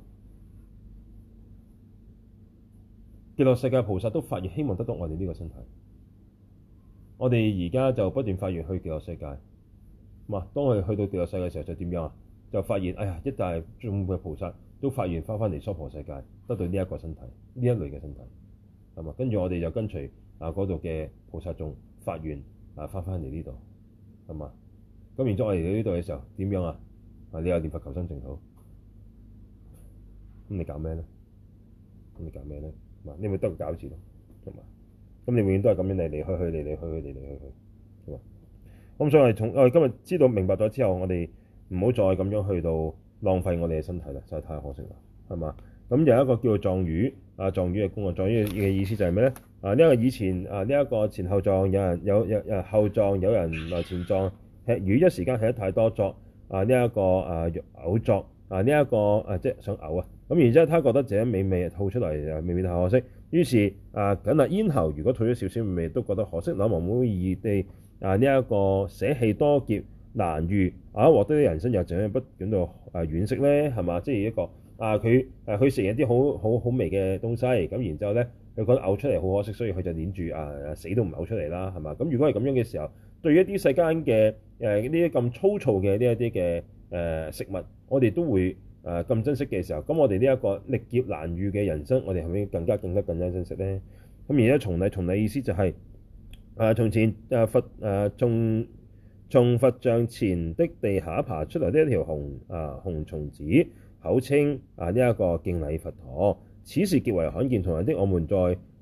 極樂世界菩薩都發願希望得到我哋呢個身體。我哋而家就不斷發願去極樂世界。咁啊，當我哋去到極樂世界嘅時候，就點樣啊？就發現，哎呀！一大眾嘅菩薩都發願翻翻嚟娑婆世界，得到呢一個身體，呢一類嘅身體，係嘛？跟住我哋就跟隨嗱嗰度嘅菩薩眾發願，啊翻翻嚟呢度，係嘛？咁然之後我嚟到呢度嘅時候，點樣啊？啊你又念佛求生淨土，咁你搞咩咧？咁你搞咩咧？嗱，你咪得個餃子咯，係嘛？咁你永遠都係咁樣嚟嚟去去，嚟嚟去去，嚟嚟去去，係嘛？咁所以我哋從我哋今日知道明白咗之後，我哋。唔好再咁樣去到浪費我哋嘅身體啦，真、就、係、是、太可惜啦，係嘛？咁有一個叫做藏魚，啊藏魚嘅功用，藏嘅意思就係咩咧？啊呢一個以前啊呢一、這個前後藏，有人有有有、啊、後藏，有人來前藏，吃魚一時間吃得太多作，啊呢一、這個啊嘔作，啊呢一個啊即係想嘔啊，咁然之後他覺得自己味美味吐出嚟啊未免太可惜，於是啊咁啊咽喉如果退咗少少味，都覺得可惜，兩毛毛兒地啊呢一、這個捨棄多劫。難遇啊！獲得啲人生又就咁不斷到誒惋惜咧，係嘛？即係一個啊，佢誒佢食一啲好好好味嘅東西，咁然之後咧，佢覺得嘔出嚟好可惜，所以佢就捻住誒、啊呃、死都唔嘔出嚟啦，係嘛？咁如果係咁樣嘅時候，對於一啲世間嘅誒呢啲咁粗糙嘅呢一啲嘅誒食物，我哋都會誒咁、呃、珍惜嘅時候，咁我哋呢一個歷劫難遇嘅人生，我哋係咪更加更加更加珍惜咧。咁而家從嚟從嚟意思就係誒從前誒佛誒眾。啊從佛像前的地下爬出來的一條紅啊紅蟲子，口稱啊呢一、這個敬禮佛陀，此事極為罕見。同樣的，我們在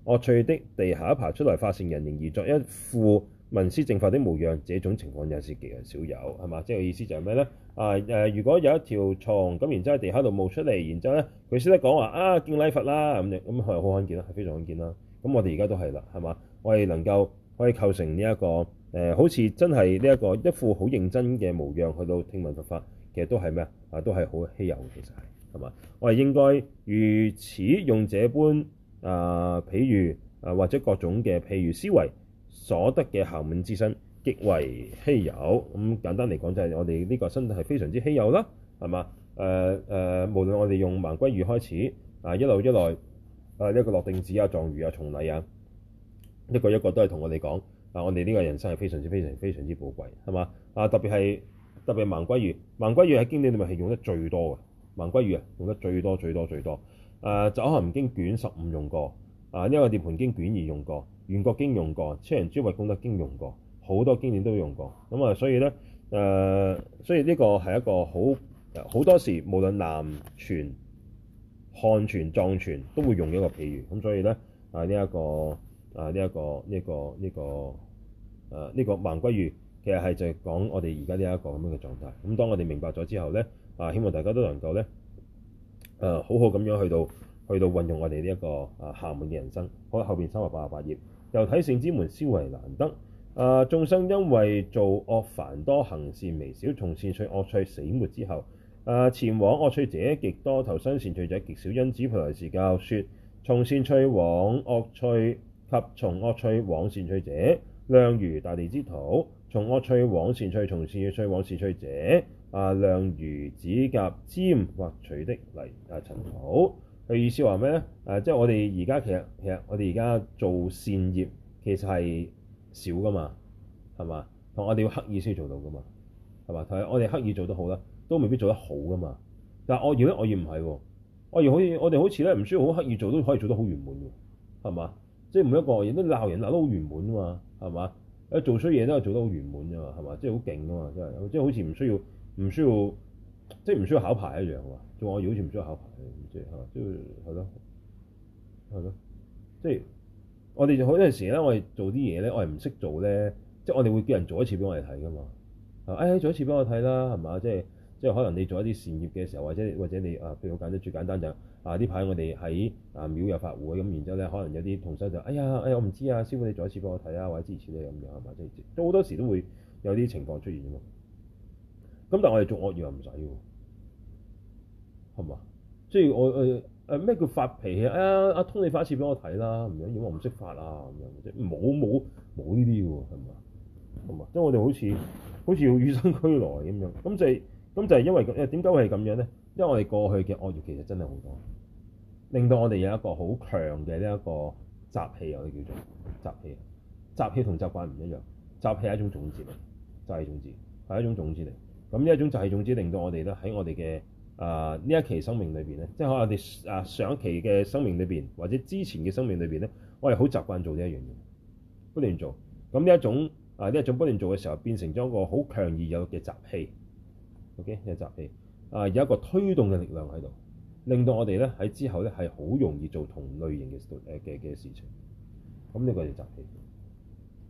惡趣的地下爬出來發成人形而作一副聞思正法的模樣，這種情況也是極為少有，係嘛？即係、這個、意思就係咩呢？啊誒，如果有一條蟲咁，然之後喺地下度冒出嚟，然之後呢，佢先得講話啊敬禮佛啦咁樣，咁係好罕見啦，係非常罕見啦。咁我哋而家都係啦，係嘛？我哋能夠可以構成呢、這、一個。啊誒、呃、好似真係呢一個一副好認真嘅模樣去到聽聞佛法，其實都係咩啊？啊，都係好稀有，其實係係嘛？我哋應該如此用這般啊、呃，譬如啊，或者各種嘅譬如思維所得嘅暇滿之身極為稀有。咁、嗯、簡單嚟講，就係我哋呢個身體係非常之稀有啦，係嘛？誒、呃、誒、呃，無論我哋用盲龜喻開始啊，一路一來啊，一、這個洛定子啊，藏魚啊，蟲禮啊，一個一個都係同我哋講。啊！我哋呢個人生係非常之非常非常之寶貴，係嘛？啊，特別係特別係盲龜喻，盲龜喻喺經典入面係用得最多嘅。盲龜喻啊，用得最多最多最多。誒，啊《晉行》經卷十五用過，啊，呢、這個《涅槃經》卷二用過，《圓覺經》用過，《車圓諸位功德經》用過，好多經典都用過。咁啊，所以咧，誒、啊，所以呢個係一個好好多時，無論南傳、漢傳、藏傳都會用一個譬如。咁所以咧，係呢一個。啊！呢、這、一個呢一、這個呢、這個誒呢、啊這個盲龜喻，其實係就係講我哋而家呢一個咁樣嘅狀態。咁、啊、當我哋明白咗之後咧，啊，希望大家都能夠咧誒好好咁樣去到去到運用我哋呢一個誒暇滿嘅人生。好，後邊三百八十八頁由體性之門，思惟難得。誒、啊、眾生因為造惡繁多，行善微少，從善惡趣惡趣死歿之後，誒、啊、前往惡趣者極多，投生善趣者極少。因此毘奈耶事教說，從善往惡趣往惡趣。及從惡趣往善趣者，量如大地之土；從惡趣往善趣，從善趣往善趣，從善趣，往善趣者，啊，量如指甲尖挖、啊、取的泥啊塵土。佢意思話咩咧？誒、啊，即係我哋而家其實其實我哋而家做善業其實係少噶嘛，係嘛？同我哋要刻意先做到噶嘛，係嘛？同我哋刻意做得好啦，都未必做得好噶嘛。但係惡意我而唔係喎，我以好似我哋好似咧唔需要好刻意做都可以做得好圓滿喎，係嘛？即係每一個人都鬧人鬧得好圓滿啊嘛，係嘛？誒，做衰嘢都係做得好圓滿啊嘛，係嘛？即係好勁啊嘛，真係，即係好似唔需要唔需要，即係唔需要考牌一樣啊嘛。做我好似唔需要考牌，即係，即係係咯，係咯，即係我哋就好多時咧，我哋做啲嘢咧，我哋唔識做咧，即係我哋會叫人做一次俾我哋睇噶嘛。誒、哎、做一次俾我睇啦，係嘛？即係即係可能你做一啲善業嘅時候，或者或者你啊，譬如我講得最簡單就。啊！呢排我哋喺啊廟入法會，咁然之後咧，可能有啲同事就哎呀哎呀，我唔知啊，師傅你再一次俾我睇啊，或者支持你咁樣係嘛？即係都好多時都會有啲情況出現咯。咁但係我哋做惡業又唔使喎，係嘛？即係我誒誒咩叫發脾氣？哎呀阿通你發一次俾我睇啦，唔一樣我唔識發啊，咁樣即冇冇冇呢啲嘅喎，係嘛？係嘛？即係我哋好似好似要與生俱來咁樣，咁就係、係、咁就係因為誒點解會係咁樣咧？因為我哋過去嘅惡業其實真係好多，令到我哋有一個好強嘅呢一個習氣，我哋叫做習氣。習氣同習慣唔一樣，習氣係一種種子嚟。習氣種子係一種種子嚟。咁呢一種習氣種子令到我哋咧喺我哋嘅啊呢一期生命裏邊咧，即係可能我哋啊上一期嘅生命裏邊，或者之前嘅生命裏邊咧，我哋好習慣做呢一樣嘢，不斷做。咁呢一種啊呢一種不斷做嘅時候，變成咗一個好強而有嘅習氣。OK，呢個習氣。啊！有一個推動嘅力量喺度，令到我哋咧喺之後咧係好容易做同類型嘅誒嘅嘅事情。咁呢個就習氣，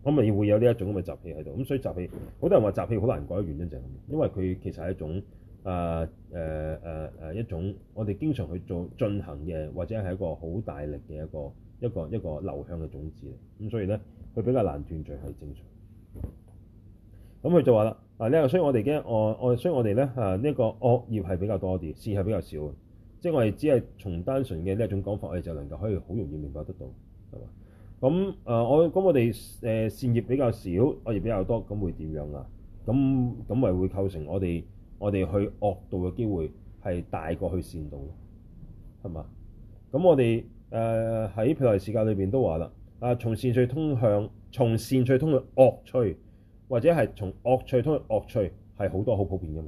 咁、嗯、咪會有呢一種咁嘅習氣喺度。咁所以習氣，好多人話習氣好難改嘅原因就係咁，因為佢其實係一種啊誒誒誒一種我哋經常去做進行嘅，或者係一個好大力嘅一個一個一個流向嘅種子嚟。咁、嗯、所以咧，佢比較難斷絕，係正常。咁、嗯、佢就話啦。啊！你話，所以我哋嘅惡，我、啊、所以我哋咧啊，呢、這個惡業係比較多啲，善係比較少。即、就、係、是、我哋只係從單純嘅呢一種講法，我哋就能夠可以好容易明白得到，係嘛？咁啊，我咁我哋誒、呃、善業比較少，惡業比較多，咁會點樣啊？咁咁咪會構成我哋我哋去惡道嘅機會係大過去善道，係嘛？咁我哋誒喺《毘奈耶事教》裏邊都話啦，啊，從善趣通向，從善趣通向惡趣。或者係從惡趣通去惡趣係好多好普遍㗎嘛。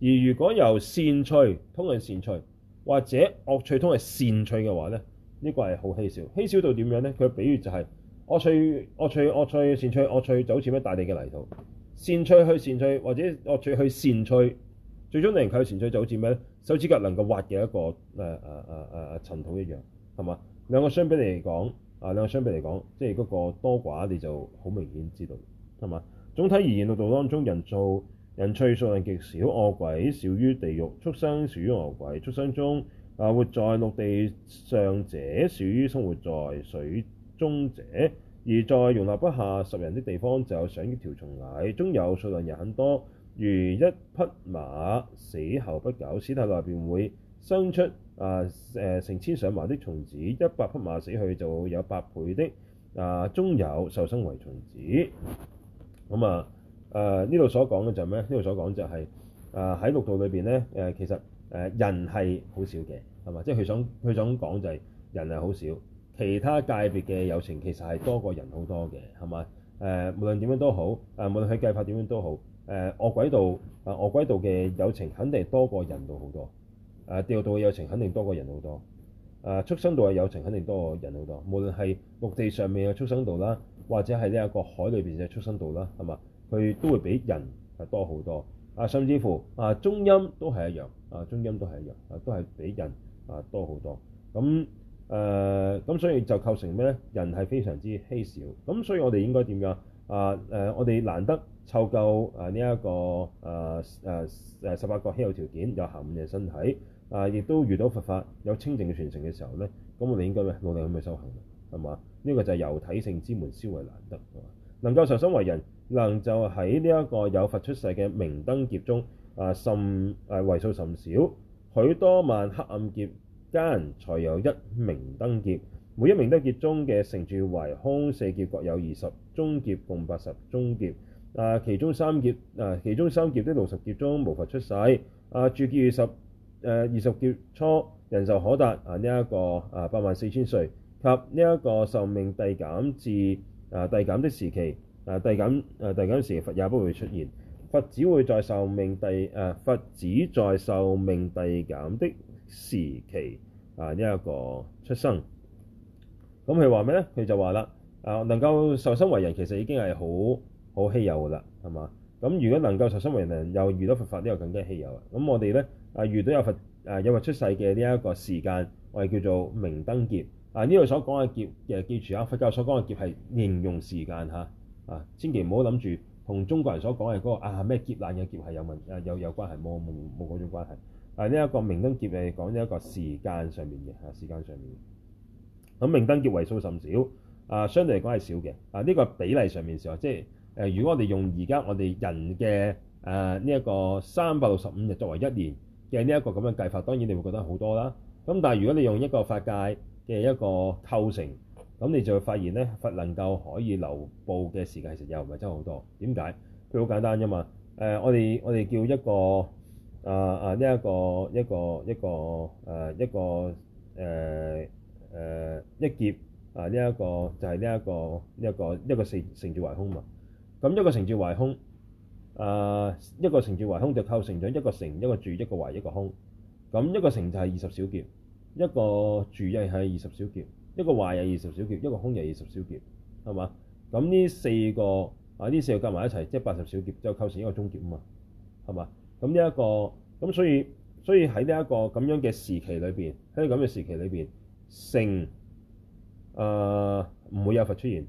而如果由善趣通去善趣，或者惡趣通去善趣嘅話咧，個呢個係好稀少，稀少到點樣咧？佢比喻就係惡趣、惡趣、惡趣、善趣、惡趣，就好似咩大地嘅泥土；善趣去善趣，或者惡趣去善趣，最終嚟佢善趣就好似咩咧？手指甲能夠挖嘅一個誒誒誒誒塵土一樣，係嘛？兩個相比嚟講，啊兩個相比嚟講，即係嗰個多寡你就好明顯知道。同埋，總體而言，六道當中，人數人趣數量極少，餓鬼少於地獄，畜生少於餓鬼，畜生中啊活在陸地上者，少於生活在水中者。而在容納不下十人的地方，就有上億條蟲蟻，中有數量也很多，如一匹馬死後不久，屍體內便會生出啊成千上萬的蟲子，一百匹馬死去就有百倍的啊中有受生為蟲子。咁啊，誒呢度所講嘅就係咩？呢度所講就係誒喺六道裏邊咧，誒、呃、其實誒、呃、人係好少嘅，係嘛？即係佢想佢想講就係人係好少，其他界別嘅友情其實係多過人好多嘅，係咪？誒、呃、無論點樣都好，誒、呃、無論佢計法點樣都好，誒、呃、惡鬼道誒、呃、惡鬼道嘅友情肯定多過人道好多，誒地獄道嘅友情肯定多過人好多。誒、啊、畜生道嘅有情肯定多過人好多，無論係陸地上面嘅畜生道啦，或者係呢一個海裏邊嘅畜生道啦，係嘛？佢都會比人係多好多。啊，甚至乎啊，中陰都係一樣。啊，中陰都係一樣。啊，都係比人啊多好多。咁誒，咁、啊、所以就構成咩咧？人係非常之稀少。咁所以我哋應該點樣啊？誒、啊，我哋難得湊夠、這個、啊呢一個誒誒誒十八個稀有條件，有恆嘅身體。啊！亦都遇到佛法有清淨嘅傳承嘅時候呢，咁我哋應該咩努力去修行，係嘛？呢、這個就係由體性之門思惟難得、啊、能夠受生為人，能就喺呢一個有佛出世嘅明燈劫中啊，甚啊，為數甚少。許多萬黑暗劫間才有一明燈劫，每一明燈劫中嘅成住壞空四劫各有二十中劫，共八十中劫。啊，其中三劫，啊，中三劫啊，其中三劫的六十劫中無佛出世。啊，住劫二十。誒二十劫初，人壽可達啊！呢一個啊，八萬四千歲及呢一個壽命遞減至啊遞減的時期啊，遞減啊遞減時佛也不會出現，佛只會在壽命遞誒、啊、佛只在壽命遞減的時期啊呢一、這個出生。咁佢話咩咧？佢就話啦：誒、啊、能夠受身為人，其實已經係好好稀有㗎啦，係嘛？咁如果能夠受身為人，又遇到佛法，呢、這個更加稀有啊！咁我哋咧。啊，啊！遇到有佛誒有佛出世嘅呢一個時間，我哋叫做明燈劫。啊！呢度所講嘅劫誒，記住啊，佛教所講嘅劫係形容時間嚇啊，啊，千祈唔好諗住同中國人所講嘅嗰個啊咩劫難嘅劫係有問啊有有關係，冇冇冇嗰種關係。啊！呢、啊、一、呢個明燈劫係講一個時間上面嘅嚇、啊，時間上面。咁明燈劫為數甚少啊，相對嚟講係少嘅啊。呢個比例上面嘅、啊、即係誒、啊，如果我哋用而家我哋人嘅誒呢一個三百六十五日作為一年。啊啊啊啊啊啊啊啊嘅呢一個咁嘅計法，當然你會覺得好多啦。咁但係如果你用一個法界嘅一個構成，咁你就會發現咧，佛能夠可以留步嘅時間，其實又唔係真係好多。點解？佢好簡單啫嘛。誒、呃，我哋我哋叫一個啊啊呢一個一個、呃、一個誒一個誒誒一劫啊呢一個就係呢一個呢一、這個一、這個四成住壞空嘛。咁一個成住壞空。啊、uh，一個成住壞空就構成咗，一個成、一個住、一個壞、一個空。咁一個成就係二十小劫，一個住又係二十小劫，一個壞又二十小劫，一個空又二十小劫，係嘛？咁呢四個啊，呢四個夾埋一齊即係八十小劫，就構成一個中劫啊嘛，係嘛？咁呢一個咁所以所以喺呢一個咁樣嘅時期裏邊，喺咁嘅時期裏邊，成啊唔、呃、會有佛出現，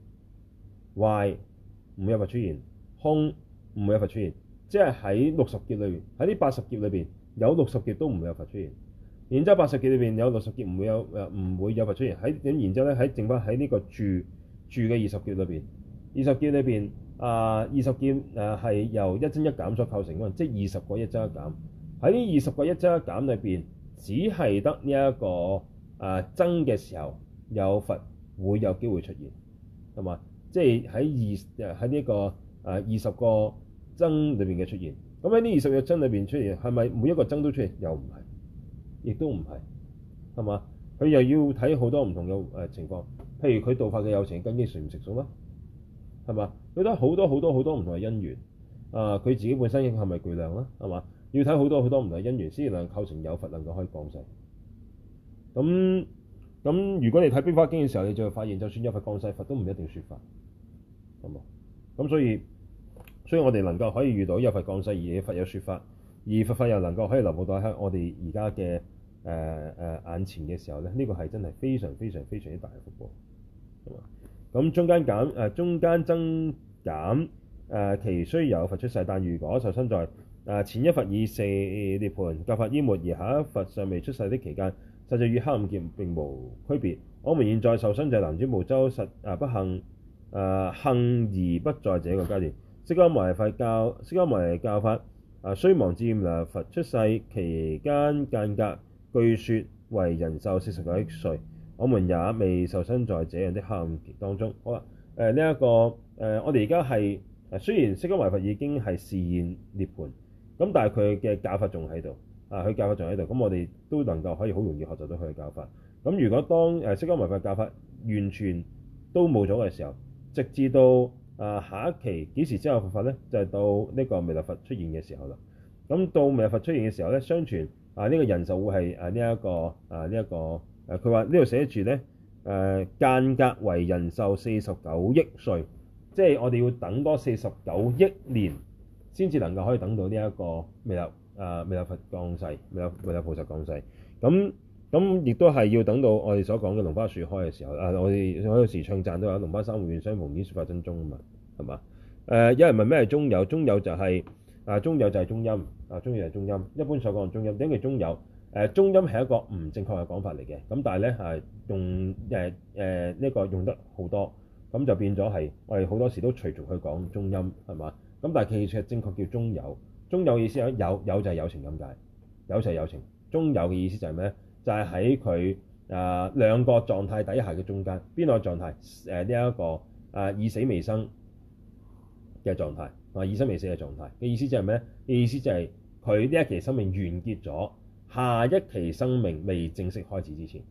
壞唔會有佛出現，空，唔會有佛出現，即係喺六十劫裏邊，喺呢八十劫裏邊，有六十劫都唔會有佛出現。然之後八十劫裏邊有六十劫唔會有誒，唔會有佛出現。喺咁然之後咧，喺剩翻喺呢個住住嘅二十劫裏邊，二十劫裏邊啊二十劫誒係、呃、由一增一減所構成嘅，即係二十個一增一減。喺呢二十個一增一減裏邊，只係得呢一個誒增嘅時候有佛會有機會出現，係嘛，同埋即係喺二誒喺呢個誒二十個。呃增裏邊嘅出現，咁喺呢二十日增裏邊出現，係咪每一個增都出現？又唔係，亦都唔係，係嘛？佢又要睇好多唔同嘅誒情況，譬如佢道法嘅有情根基成唔成熟啦，係嘛？佢得好多好多好多唔同嘅因緣，啊，佢自己本身影係咪巨量啦，係嘛？要睇好多好多唔同嘅因緣，先能構成有佛能夠可以降世。咁咁，如果你睇《悲華經》嘅時候，你就會發現，就算有佛降世，佛都唔一定說法。咁啊，咁所以。所以我哋能夠可以遇到一佛降世而佛有説法，而佛法又能夠可以流布到喺我哋而家嘅誒誒眼前嘅時候咧，呢、這個係真係非常非常非常之大嘅福報。咁中間減誒、呃、中間增減誒、呃，其需有佛出世，但如果受身在誒、呃、前一佛以四涅盤教法淹沒，而下一佛尚未出世的期間，實際與黑暗劫並無區別。我們現在受身在南瞻部洲，實、呃、誒不幸誒、呃、幸而不在這個階段。釋迦牟尼佛教，釋迦牟尼教法啊，衰亡之年啊，佛出世期間間隔，據說為人壽四十九億歲，我們也未受身在這樣的黑暗當中。好啦，誒呢一個誒、呃，我哋而家係雖然釋迦牟尼佛已經係示現涅盤，咁但係佢嘅教法仲喺度，啊，佢教法仲喺度，咁我哋都能夠可以好容易學習到佢嘅教法。咁如果當誒釋迦牟尼佛教法完全都冇咗嘅時候，直至到啊！下一期幾時之後發發咧？就係、是、到呢個未來佛出現嘅時候啦。咁到未來佛出現嘅時候咧，相傳啊，呢、這個人壽會係啊呢一、這個啊呢一、這個誒。佢話呢度寫住咧誒間隔為人壽四十九億歲，即係我哋要等多四十九億年先至能夠可以等到呢一個未來誒未來佛降世，未來未來菩薩降世咁。咁亦都係要等到我哋所講嘅龍華樹開嘅時候啊！我哋好多時唱讚都有龍華三會願相逢演說法真宗啊嘛，係嘛？誒、呃、有人問咩係中有？中有就係、是、啊，中有就係中陰啊，中有係中陰。一般所講嘅中陰，點解叫中有？中、呃、陰係一個唔正確嘅講法嚟嘅。咁但係咧係用誒誒呢個用得好多，咁就變咗係我哋好多時都隨俗去講中陰係嘛？咁但係其實正確叫中有。中有意思有有就係有情咁解，有就係有情，情。中有嘅意思就係咩？就係喺佢啊兩個狀態底下嘅中間，邊個狀態？誒呢一個啊、呃、以死未生嘅狀態，啊、呃、以生未死嘅狀態嘅意思就係咩？意思就係佢呢一期生命完結咗，下一期生命未正式開始之前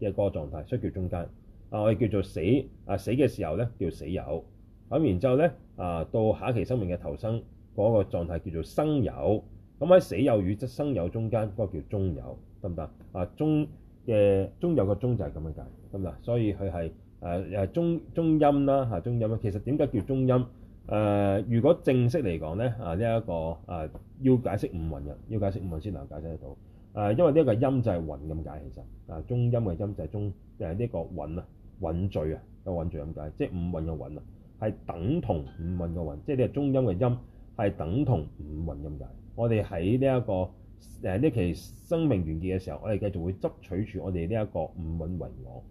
嘅嗰個狀態，所以叫中間。啊、呃，我哋叫做死啊、呃、死嘅時候咧叫死有，咁然之後咧啊、呃、到下一期生命嘅投生嗰、那個狀態叫做生有，咁喺死有與則生有中間，嗰、那個叫中有。得唔得啊？中嘅中有個中就係咁樣解，得唔得？所以佢係誒誒中中陰啦嚇，中陰啊。其實點解叫中陰？誒、呃，如果正式嚟講咧啊，呢、呃、一、這個誒要解釋五蘊嘅，要解釋五蘊先能夠解釋得到。誒、呃，因為呢一個陰就係蘊咁解，其實啊，中陰嘅陰就係中誒呢、就是、個蘊啊，蘊序」啊，個蘊序」咁解，即係五蘊嘅蘊啊，係等同五蘊嘅蘊，即係呢個中陰嘅陰係等同五蘊咁解。我哋喺呢一個。誒呢期生命完結嘅時候，我哋繼續會執取住我哋呢一個五蘊為我，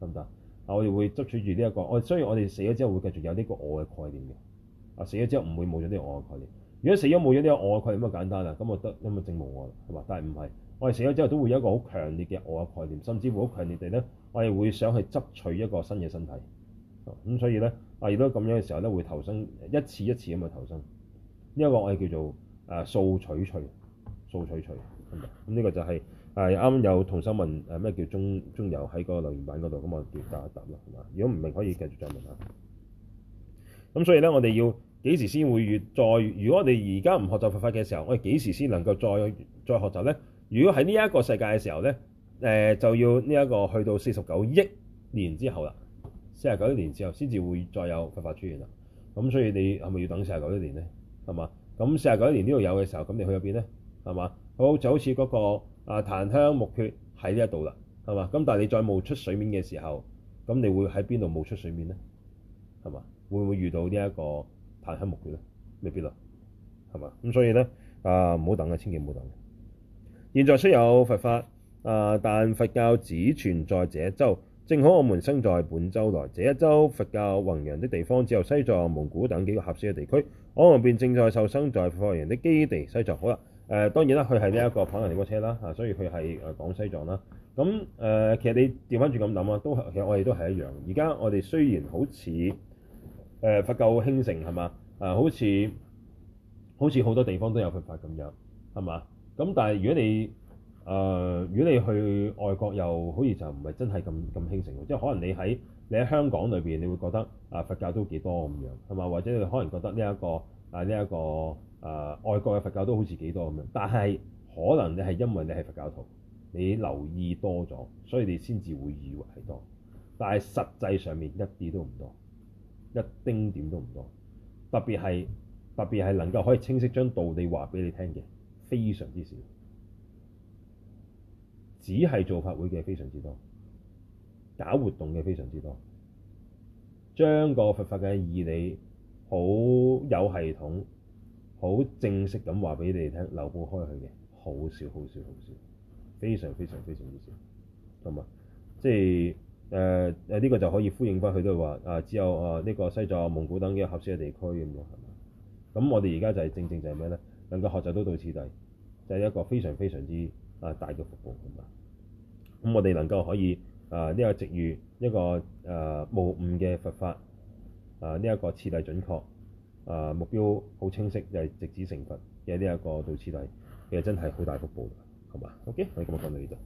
得唔得啊？我哋會執取住呢一個我。雖然我哋死咗之後會繼續有呢個我嘅概念嘅啊，死咗之後唔會冇咗呢個我嘅概念。如果死咗冇咗呢個我嘅概念咁簡單啊，咁我得因為啊，正冇我係嘛？但係唔係我哋死咗之後都會有一個好強烈嘅我嘅概念，甚至乎好強烈地咧，我哋會想去執取一個新嘅身體。咁所以咧，如果咁樣嘅時候咧，會投生一次一次咁去投生呢一個我哋叫做誒數取趣。掃取除咁，呢、嗯這個就係係啱啱有同心問誒咩、呃、叫中中有喺個留言板嗰度咁，我哋答一答咯，係嘛？如果唔明可以繼續再問下。咁所以咧，我哋要幾時先會越再？如果我哋而家唔學習佛法嘅時候，我哋幾時先能夠再再學習咧？如果喺呢一個世界嘅時候咧，誒、呃、就要呢一個去到四十九億年之後啦，四十九億年之後先至會再有佛法出現啦。咁所以你係咪要等四十九億年咧？係嘛？咁四十九億年呢度有嘅時候，咁你去入邊咧？係嘛？好就好似嗰、那個啊，檀香木軛喺呢一度啦，係嘛？咁但係你再冒出水面嘅時候，咁你會喺邊度冒出水面咧？係嘛？會唔會遇到呢一個檀香木軛咧？未必啊，係嘛？咁所以咧啊，唔好等嘅，千祈唔好等嘅。現在雖有佛法啊，但佛教只存在這一洲。正好我們生在本洲內這一洲，佛教宏揚的地方只有西藏、蒙古等幾個合適嘅地區。我們便正在受生在佛法的基地西藏。好啦。誒、呃、當然啦，佢係呢一個跑人電波車啦，啊，所以佢係誒講西藏啦。咁、呃、誒，其實你調翻轉咁諗啊，都其實我哋都係一樣。而家我哋雖然好似誒、呃、佛教興盛係嘛，誒、啊、好似好似好多地方都有佢法咁樣係嘛。咁但係如果你誒、呃、如果你去外國，又好似就唔係真係咁咁興盛喎，即係可能你喺你喺香港裏邊，你會覺得啊、呃、佛教都幾多咁樣係嘛，或者你可能覺得呢一個但係呢一個。啊這個誒、呃、外國嘅佛教都好似幾多咁樣，但係可能你係因為你係佛教徒，你留意多咗，所以你先至會以為係多。但係實際上面一啲都唔多，一丁點都唔多。特別係特別係能夠可以清晰將道理話俾你聽嘅，非常之少。只係做法會嘅非常之多，搞活動嘅非常之多，將個佛法嘅義理好有系統，好正式咁話俾你聽，流布開去嘅好少好少好少，非常非常非常之少，咁啊，即係誒誒呢個就可以呼應翻，佢都話啊只有啊呢、呃這個西藏、蒙古等呢個合適嘅地區咁樣，係嘛？咁我哋而家就係、是、正正就係咩咧？能夠學習到到此地，就係、是、一個非常非常之啊、呃、大嘅福報，咁啊，咁我哋能夠可以啊呢、呃這個直遇一個誒、呃、無誤嘅佛法，啊呢一個次第準確。啊！目標好清晰，就係、是、直指成佛，嘅呢一個對此底，其實真係好大福報，好嘛？OK，我哋今日講到呢度。